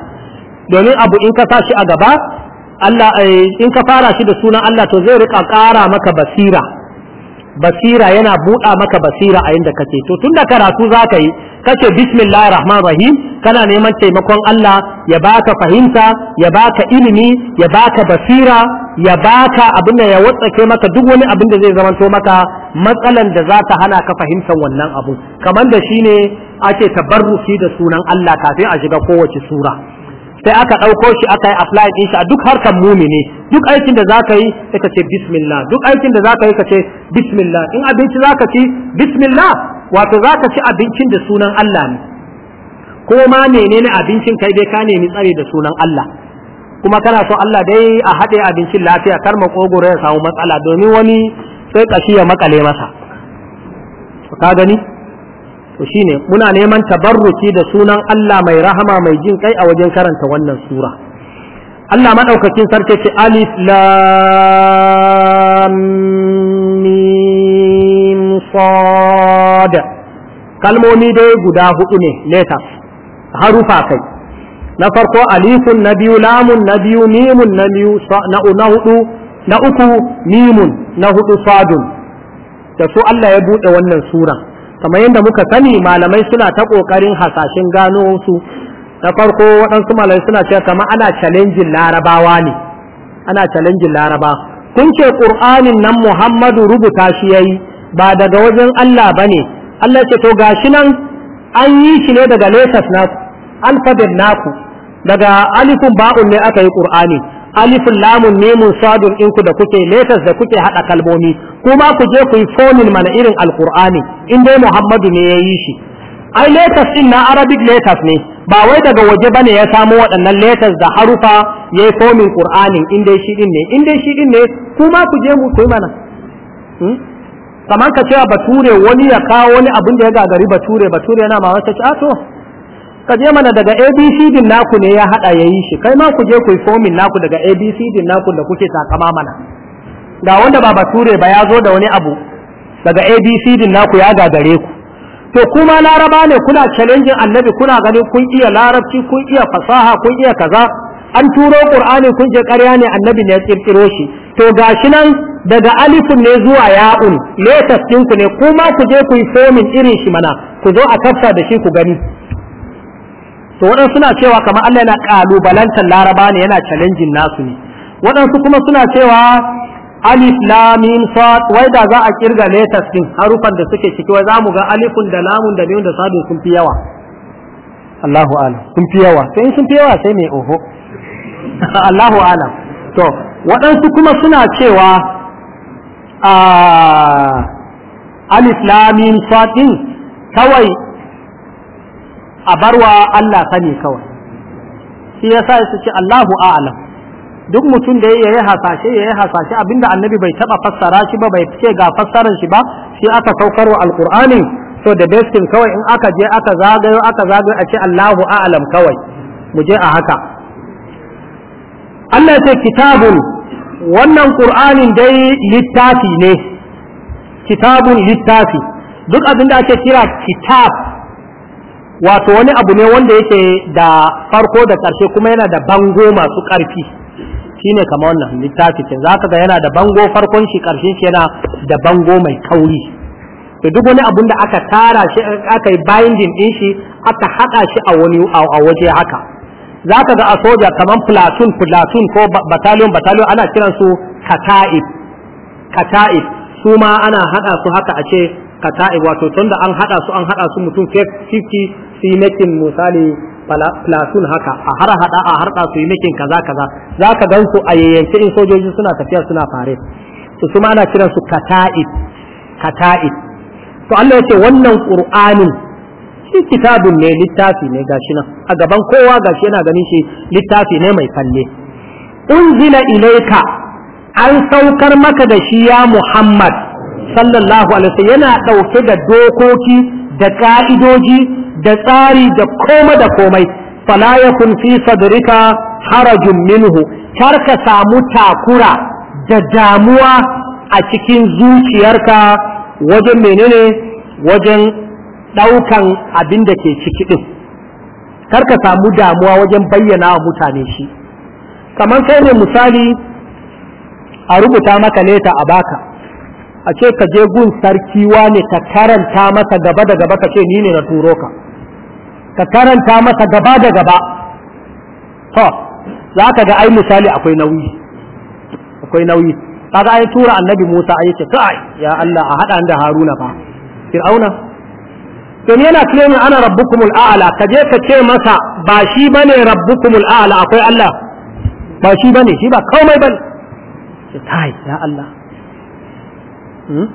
domin abu in ka tashi a gaba Allah eh, in ka fara shi da sunan Allah to zai rika ƙara maka basira basira yana buɗa maka basira a inda kake to tun da karatu za ka yi kace bismillahir rahmanir rahim kana neman taimakon Allah ya baka fahimta ya baka ilimi ya baka basira ya baka abin da ya watsake maka duk wani abin da zai zamanto maka matsalan da za ta hana ka fahimtar wannan abu kamar da shine ake tabarruki da sunan Allah kafin a shiga kowace sura sai aka ɗauko shi aka yi apply ɗin shi a duk harkar mumini duk aikin da zaka yi ka ce bismillah duk aikin da zaka yi ka ce bismillah in abinci zaka ci bismillah wato za ka ci abincin da sunan Allah ne ko ma menene abincin kai dai ka nemi tsare da sunan Allah kuma kana so Allah dai a haɗe abincin lafiya kar makogoro ya samu matsala domin wani sai kashi ya makale masa ka gani to shine muna neman tabarruki da sunan Allah mai rahama mai jin kai a wajen karanta wannan sura Allah madaukakin sarki ce alif lam mim order kalmomi dai guda hudu ne letters harufa kai na farko alifun na biyu lamun na biyu mimun na biyu na hudu na uku mimun na hudu sadun da su Allah ya bude wannan sura kamar yadda muka sani malamai suna ta kokarin hasashen gano su na farko waɗansu malamai suna cewa kamar ana challenging larabawa ne ana challenging laraba kun ce qur'anin nan Muhammadu rubuta shi yayi ba daga wajen Allah ba ne Allah ce to gashi nan an yi shi ne daga letas naku alfabet naku daga alifun ba'un ne aka yi ƙur'ani alifun lamun nemun sadun inku da kuke letas da kuke haɗa kalmomi kuma ku je ku yi fomin mana irin alƙur'ani in dai muhammadu ne ya yi shi ai letas ɗin na arabic letas ne ba wai daga waje ba ne ya samo waɗannan letas da harufa ya yi fomin ƙur'anin in dai shi ɗin ne in dai shi ɗin ne kuma ku je mu kai mana hmm? kamar ka cewa bature wani ya kawo wani abin da ya gagari bature bature yana mawa ah, ta ka je mana daga abc din naku ne ya hada yayi shi kai ma ku je ku yi fomin naku daga abc din naku da kuke takama mana ga wanda ba bature ba ya zo da wani abu daga abc din naku ya gagare ku to kuma laraba ne kuna challenging annabi kuna ganin kun iya larabci kun iya fasaha kun iya kaza an turo qur'ani kun je ƙarya ne annabi ne ya kirkiro shi to gashi nan daga alifun ne zuwa ya'un latest ɗinku ne kuma ku je ku yi fomin irin shi mana ku zo a kafsa da shi ku gani to waɗansu suna cewa kamar Allah yana ƙalubalantar laraba ne yana challenging nasu ne waɗansu kuma suna cewa alif mim sad wai da za a kirga letters din harufan da suke ciki wai zamu ga alifun da lamun da biyun da sadun sun fi yawa Allahu a'lam sun fi yawa sai sun fi yawa sai me oho Allahu alam to waɗansu kuma suna cewa al-islamin faɗin kawai a barwa Allah sani kawai shi yasa su ce Allahu a'lam duk mutum da yayi hasashe yayi hasashe abinda annabi bai taba fassara shi ba bai ce ga fassarar shi ba shi aka saukarwa alqur'ani so da best kawai in aka je aka zagayo aka zagayo a ce Allahu a'lam kawai mu je a haka Allah ce kitabun wannan ƙur'anin dai littafi ne kitabun littafi duk abin da ake kira kitab wato wani abu ne wanda yake da farko da ƙarshe kuma yana da bango masu ƙarfi shine kamar wannan littafi ce zaka ga yana da bango farkon shi ƙarshen shi yana da bango mai kauri to duk wani abun da aka tara shi aka yi binding din shi aka haɗa shi a wani a waje haka za ka ga a soja kamar platoon platoon ko battalion battalion ana kiransu kata'ib kata'ib su ma ana hada su haka a ce kata'ib wato da an hada su an hada su mutum 50 su yi makin misali platoon haka a har hada a harda su yi makin kaza kaza za ka gan su a yayyanke in sojoji suna tafiya suna fare su su ma ana kiransu kata'ib kata'ib to Allah ya ce wannan qur'anin shi kitabun ne littafi ne gashi nan a gaban kowa gashi yana ganin shi littafi ne mai kalle unzila ilaika an saukar maka da shi ya muhammad sallallahu alaihi wasallam yana dauke da dokoki da ka'idoji da tsari da koma da komai fala yakun fi sadrika harajun minhu kar ka samu takura da damuwa a cikin zuciyarka wajen menene wajen ɗaukan abin da ke ciki ɗin kar ka samu damuwa wajen bayyana wa mutane shi kamar kai ne misali a rubuta maka leta a baka a ce ka je gun sarki ne ka karanta masa gaba da gaba ka ce ni ne na turo ka ka karanta masa gaba da gaba to za ka ga ai misali akwai nauyi akwai nauyi kaga ai tura annabi Musa ai ce kai ya Allah a hada da Haruna fa Fir'auna to ne yana claiming ana rabbukumul a'la ka je ka ce masa ba shi bane rabbukumul a'la akwai Allah ba shi bane shi ba komai bane ce kai ya Allah hmm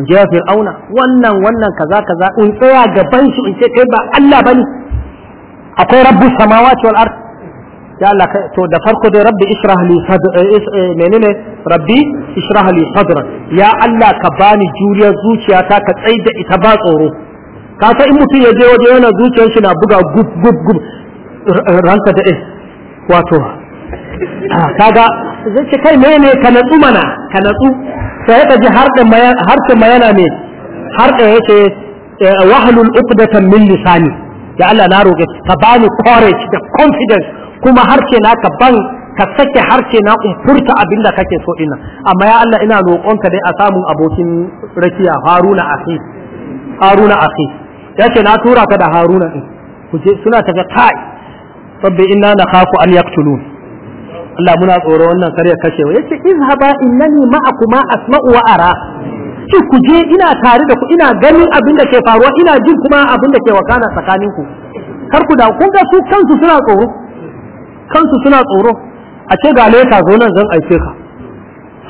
in je fir'auna wannan wannan kaza kaza in tsaya gaban shi in ce kai ba Allah ba ne. akwai rabbus samawati wal ard ya Allah to da farko dai rabbi ishrah li eh, eh, menene rabbi ishrah li sadran ya Allah ka bani juriyar zuciyata ka tsaida ita ba tsoro kaka in mutum ya je waje yana zuciyar shi na buga gub gub gub ranka da wato ah, kaga zai ce kai mene ka natsu mana ka natsu sai ka ji harshen ma yana ne har da yake eh, wahalul uqdatan min lisani ya Allah na roƙe ka bani courage da confidence kuma harshe na ka ban ka sake harshe na in furta abin da kake so ina amma ya Allah ina roƙonka dai a samun abokin rakiya Haruna akhi Haruna akhi ya ce na tura ka da haruna ɗin ku suna suna ga kai sabbi inna na khafu an yaqtulun Allah muna tsoro wannan kar ya kashe wa yace izhaba innani ma'akuma asma'u wa ara ki ku je ina tare da ku ina ganin abin da ke faruwa ina jin kuma abin da ke wakana tsakanin ku kar ku da kun ga su kansu suna tsoro kansu suna tsoro a ce ga leta zo nan zan aike ka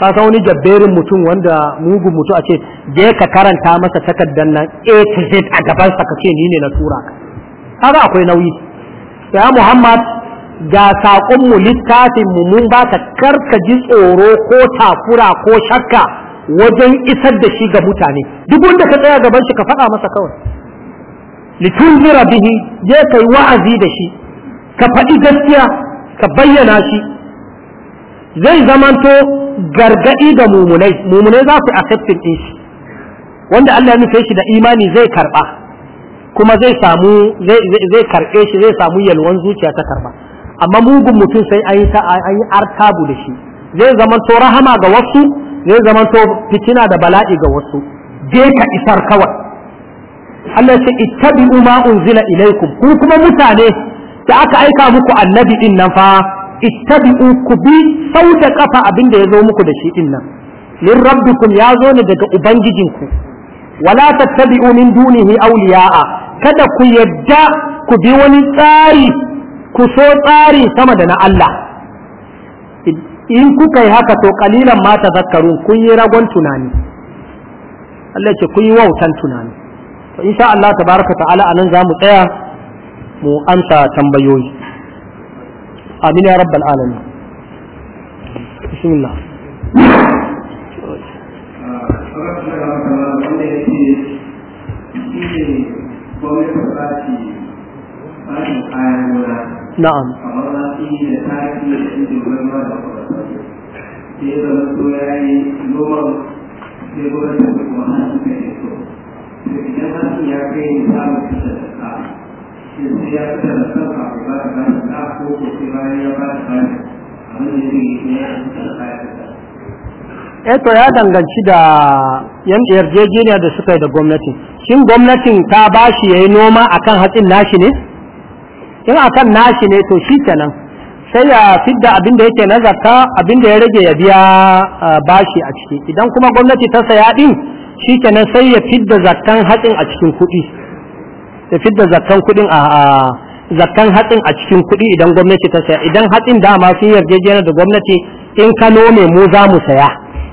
ka san wani jabberin mutum wanda mugun mutum a ce je ka karanta masa takardar nan A to Z a gaban sa kace ni ne na tura ka kaga akwai nauyi ya Muhammad ga sakon mu littafin mu mun ba ka karka ji tsoro ko takura ko shakka wajen isar da shi ga mutane duk wanda ka tsaya gaban shi ka faɗa masa kawai litunzira bihi je kai wa'azi da shi ka faɗi gaskiya ka bayyana shi zai zamanto gargadi da mumunai mumunai za su accepting din wanda Allah ya nufe shi da imani zai karba kuma zai samu zai karbe shi zai samu yalwan zuciya ta karba amma mugun mutum sai an yi an yi artabu da shi zai zama to rahama ga wasu zai zama to fitina da bala'i ga wasu je ka isar kawai Allah ya ce ittabi'u ma unzila ilaikum ku kuma mutane da aka aika muku annabi din nan fa ittabi'u ku bi sauta ƙafa kafa abin da ya zo muku da shi din nan min rabbikum ya zo ne daga ubangijinku wala tattabi'u min dunihi awliya'a kada ku yadda ku bi wani tsari ku so tsari sama da na Allah in kuka yi haka to kalilan ma tazakkarun kun yi ragon tunani Allah ce kun yi wautan tunani to insha Allah tabaraka ta'ala anan zamu tsaya mu amsa tambayoyi آمين يا رب العالمين بسم الله نعم, نعم. ya eh ya eto ya danganci da yan yarjejeniya da suka yi da gwamnati shin gwamnatin ta bashi yayi noma akan hatsin nashi ne in akan nashi ne to shi kenan sai ya fidda abin da yake na zakka abin da ya rage ya biya bashi a ciki idan kuma gwamnati ta saya din shi kenan sai ya fidda zakkan hatsin a cikin kuɗi ya fidda zakkan kuɗin a zakkan hatsin a cikin kuɗi idan gwamnati ta saya idan hatsin dama sun yarjejena da gwamnati in ka nome mu za mu saya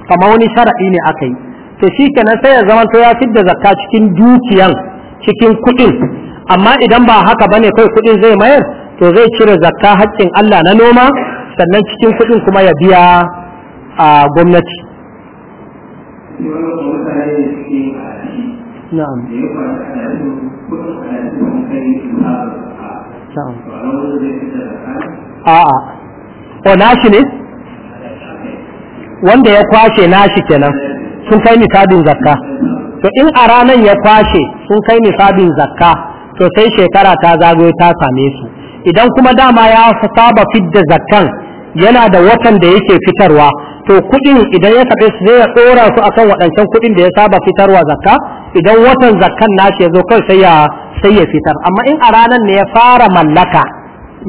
kama wani shara'i ne aka yi to shi kenan sai ya zama to ya fidda zakka cikin dukiyan cikin kuɗin amma idan ba haka bane kai kuɗin zai mayar to zai cire zakka haƙƙin Allah na noma sannan cikin kuɗin kuma ya biya a gwamnati na'am a'a o nashi ne wanda ya kwashe nashi kenan sun kai nisabin zakka to in a ranar ya kwashe sun kai nisabin zakka to sai shekara ta zago ta same su idan kuma dama ya saba fidda zakkan yana da watan da yake fitarwa to kudin idan ya sabe su zai ya ɗora su akan waɗancan kuɗin da ya saba fitarwa zakka idan watan zakkan nashi ya zo kawai sai ya sai ya fitar amma in a ranan ne ya fara mallaka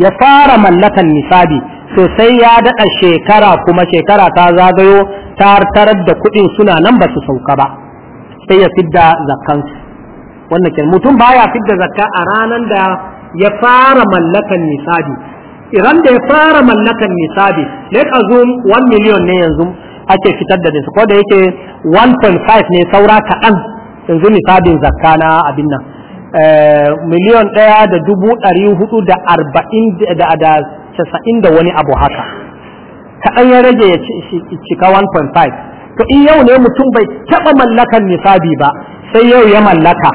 ya fara mallakan nisabi to sai ya daɗa shekara kuma shekara ta zagayo tartarar da kuɗin suna nan ba su sauka ba sai ya fidda zakkan wannan ke mutum baya fidda zakka a ranar da ya fara mallakan nisabi iran da ya fara mallakan nisabi ne ka zo 1 miliyon ne yanzu ake fitar da su ko da yake 1.5 ne saura kaɗan yanzu nisabin zakka na abin nan eh, miliyon ɗaya da dubu ɗari hudu da arba'in da casa'in da wani abu haka kaɗan ya rage ya cika 1.5 to in yau ne mutum bai taɓa mallakan nisabi ba sai yau ya mallaka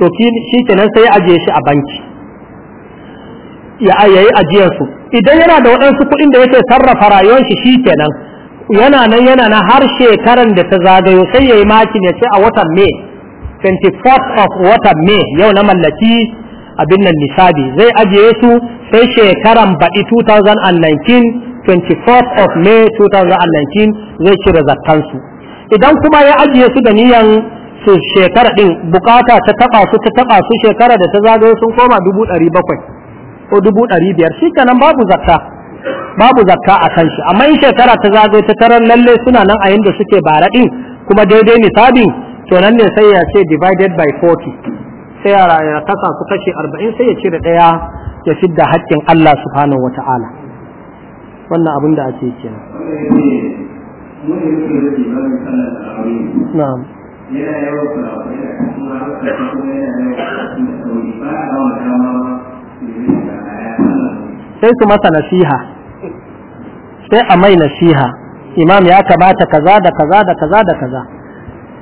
to shi kenan sai ya ajiye shi a banki ya yi ajiyarsu idan yana da waɗansu kuɗin da yake sarrafa rayuwar shi shi kenan yana nan yana na har shekaran da ta zagayo sai ya yi makin ya ce a watan may 24th of watan may yau na mallaki abin nan nisabi zai ajiye su sai shekaran baɗi 2019 24th of may 2019 zai cire zattansu. idan kuma ya ajiye su da niyan su shekara ɗin bukata ta taɓa su ta taɓa su shekara da ta zagayo sun koma bakwai ko biyar, shi kenan babu zakka babu zakka a kan shi amma in shekara ta zagaye ta tarar lalle suna nan a yanda suke bara kuma daidai nisabin to nan ne sai ya ce divided by 40 sai ya kasa su kashe 40 sai ya cire daya ya shidda haƙƙin Allah subhanahu wata'ala wannan abin da ake kenan na'am yana yawan yana kuma yana sai su masa nasiha sai a mai nasiha imam ya kamata kaza da kaza da kaza da kaza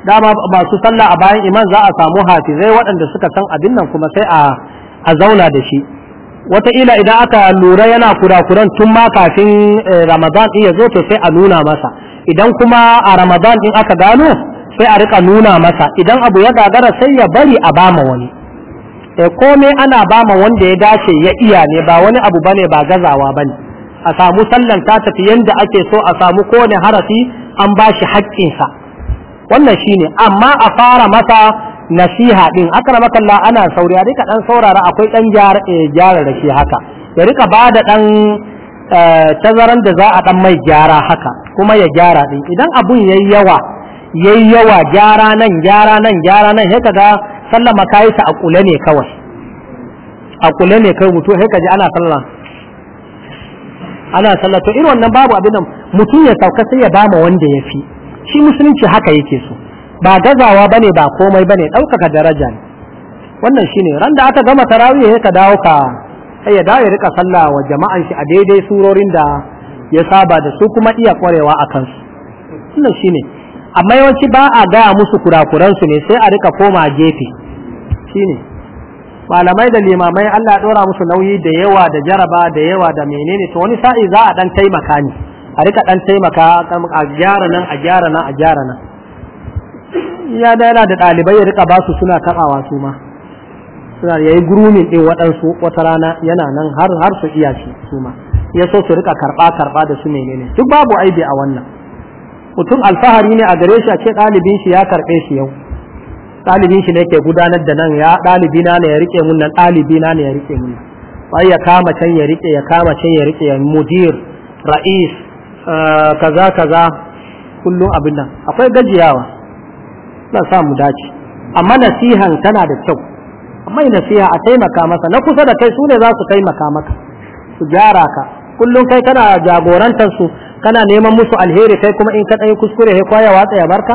dama masu sallah a bayan imam za a samu hafizai waɗanda suka san abin nan kuma sai a zauna da shi wataƙila idan aka lura yana kurakuran tun ma kafin eh, ramadan in ya zo to sai a nuna masa idan kuma a ramadan in aka gano sai a rika nuna masa idan abu ya gagara sai ya bari a bama wani eh, komai ana bama wanda ya dace ya iya ne ba wani abu bane ba gazawa bane a samu sallan ta tafi yanda ake so a samu kowane harafi an ba shi haƙƙinsa wannan shi ne amma a fara masa nasiha din akara makalla ana sauri a rika dan saurara akwai dan gyara da eh, shi haka ya rika ba da dan eh, tazaran da za a dan mai gyara haka kuma ya gyara din idan abun yi yawa ya yi yawa gyara nan gyara nan gyara nan ya kaga sallama yi ta a kule ne kawai a kule ne kai mutu ya kaji ana sallama ana sallah to irin wannan babu abin nan mutum ya sauka sai ya bama wanda ya fi shi musulunci haka yake so ba gazawa bane ba komai bane ɗaukaka daraja ne wannan shine ran da aka gama tarawih ya ka dawo ka sai ya dawo ya rika sallah wa jama'an shi a daidai surorin da ya saba da su kuma iya kwarewa a kansu wannan shine amma yawanci ba a gaya musu kurakuransu ne sai a rika koma gefe shine malamai da limamai Allah dora musu nauyi da yawa da jaraba da yawa da menene to wani sa'i za a dan taimaka ni a rika dan taimaka a gyara nan a gyara nan a gyara nan ya da yana da ɗalibai ya rika basu suna kaɓawa su ma suna yayi gurumin ɗin waɗansu wata rana yana nan har har su iya shi su ma ya so su rika karɓa karɓa da su menene duk babu aibi a wannan mutum alfahari ne a gare shi a ce ɗalibin shi ya karɓe shi yau ɗalibin shi ne ke gudanar da nan ya dalibi na ne ya rike mun nan dalibi na ne ya rike mun wai ya kama can ya rike ya kama can ya rike ya mudir ra'is eh, kaza kaza kullum abin nan akwai gajiyawa na sa mu dace amma nasihan tana da kyau amma nasiha a taimaka masa na kusa da kai su ne za su taimaka maka su gyara ka kullum kai kana jagorantar su kana neman musu alheri kai kuma in ka ɗaya kuskure kai kwaya watsa ya barka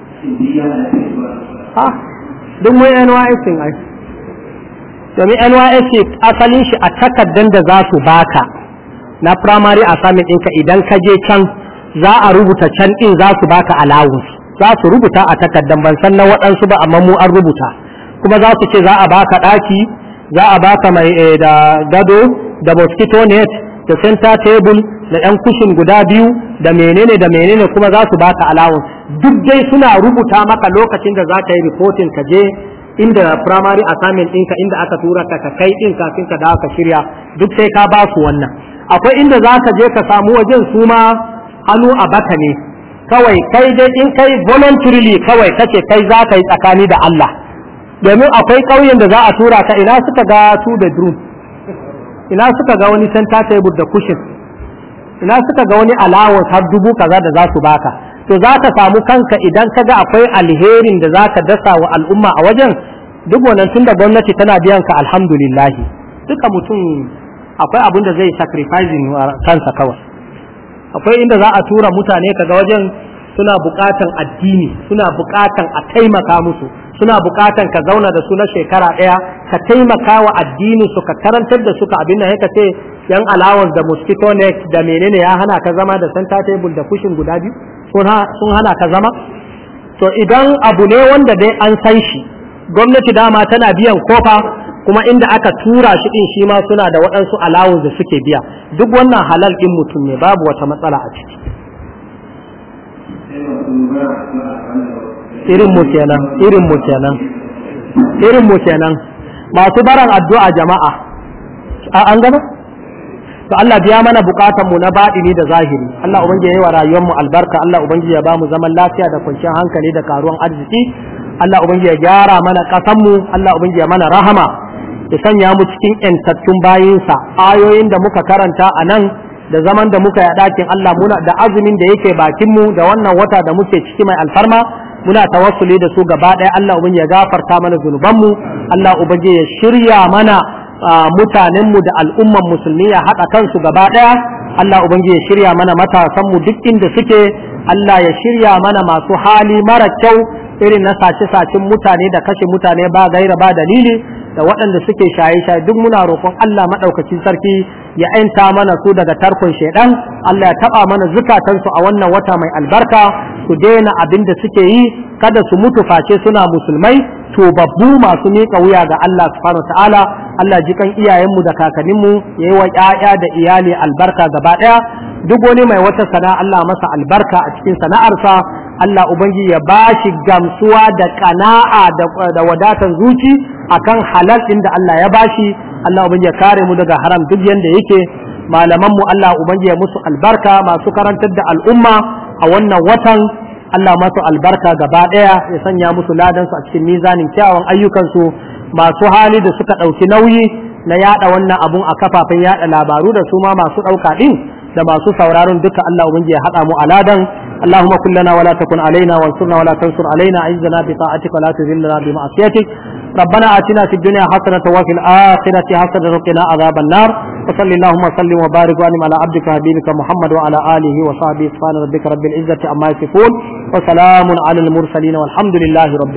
a duk mun NYS din ai asalin shi a takardan da za su baka na firamare primary assignment ɗinka idan ka je can za a rubuta can ɗin za su baka allowance za su rubuta a takardan ban san na waɗansu ba amma mu an rubuta kuma za su ce za a baka ɗaki za a baka mai eh, da gado da mosquito net da center table da ɗan kushin guda biyu da menene da menene kuma za su baka allowance duk dai suna rubuta maka lokacin da za ka yi reporting ka je inda primary assignment ɗinka inda aka tura ka kai ɗin kafin ka dawo ka shirya duk sai ka ba su wannan akwai inda za ka je ka samu wajen su ma hannu a baka ne kawai kai dai in kai voluntarily kawai kace kai za ka yi tsakani da Allah domin akwai ƙauyen da za a tura ka ina suka ga two bedroom ina suka ga wani center table da cushion ina suka ga wani allowance har dubu kaza da za su baka to za ka samu kanka idan ka ga akwai alherin da za ka dasa wa al'umma a wajen duk wannan tun da gwamnati tana biyan ka alhamdulillahi duka mutum akwai abin da zai sacrificing kansa kawai akwai inda za a tura mutane kaga wajen suna bukatan addini suna bukatan a taimaka musu suna bukatan ka zauna da su na shekara ɗaya ka taimaka wa addini su ka karantar da su ka abin da ya ce yan allowance da mosquito net da menene ya hana ka zama da center table da kushin guda biyu sun hana ka zama to idan abu ne wanda dai an san shi gwamnati dama tana biyan kofa kuma inda aka tura shi din shi ma suna da waɗansu alawun da suke biya duk wannan halal ɗin mutum ne babu wata matsala a ciki irin mu irin mu masu baran addu'a jama'a an gama to Allah biya mana bukatan mu na baɗini da zahiri Allah ubangiji yi wa rayuwar mu albarka Allah ubangiji ya ba mu zaman lafiya da kwanciyar hankali da karuwan arziki Allah ubangiji ya gyara mana kasan mu Allah ubangiji ya mana rahama ya sanya mu cikin yantattun bayinsa ayoyin da muka karanta a nan da zaman da muka yi ɗakin Allah muna da azumin da yake bakin mu da wannan wata da muke ciki mai alfarma muna tawassuli da su gaba ɗaya Allah ubangiji ya gafarta mana zunubanmu Allah ubangiji ya shirya mana mutanenmu da al'umman musulmi ya haɗa kansu gaba ɗaya Allah ubangiji ya shirya mana matasanmu duk inda suke Allah ya shirya mana masu hali mara kyau irin na sace-sacen mutane da kashe mutane ba gaira ba dalili da waɗanda suke shaye-shaye duk muna roƙon Allah maɗaukacin sarki ya ‘yanta mana su daga tarkon shaiɗan, Allah ya taɓa mana zukatansu a wannan wata mai albarka su daina abin da suke yi kada su mutu face suna musulmai to babbu masu miƙa wuya ga Allah subhanahu ta'ala Allah jikan iyayenmu da kakanninmu ya yi wa ‘ya'ya da iyali albarka gaba ɗaya duk wani mai wata sana'a Allah masa albarka a cikin sana'arsa Allah ubangiji ya ba shi gamsuwa da kana'a da wadatan zuci akan halal inda Allah ya bashi Allah ubangiji ya kare mu daga haram duk yadda yake malaman mu Allah ubangiji ya musu albarka masu karantar da al'umma a wannan watan Allah masu albarka gaba ɗaya ya sanya musu ladansu a cikin mizanin kyawun ayyukansu. masu hali da suka ɗauki nauyi na yada wannan abun a kafafen yada labaru da su ma masu ɗauka ɗin da masu sauraron duka Allah ubangiji ya haɗa mu a ladan. اللهم كن لنا ولا تكن علينا وانصرنا ولا تنصر علينا عزنا بطاعتك ولا تذلنا بمعصيتك ربنا آتنا في الدنيا حسنة وفي الآخرة حسنة وقنا عذاب النار وصل اللهم وسلم وبارك وأنم على عبدك حبيبك محمد وعلى آله وصحبه سبحان ربك رب العزة عما يصفون وسلام على المرسلين والحمد لله رب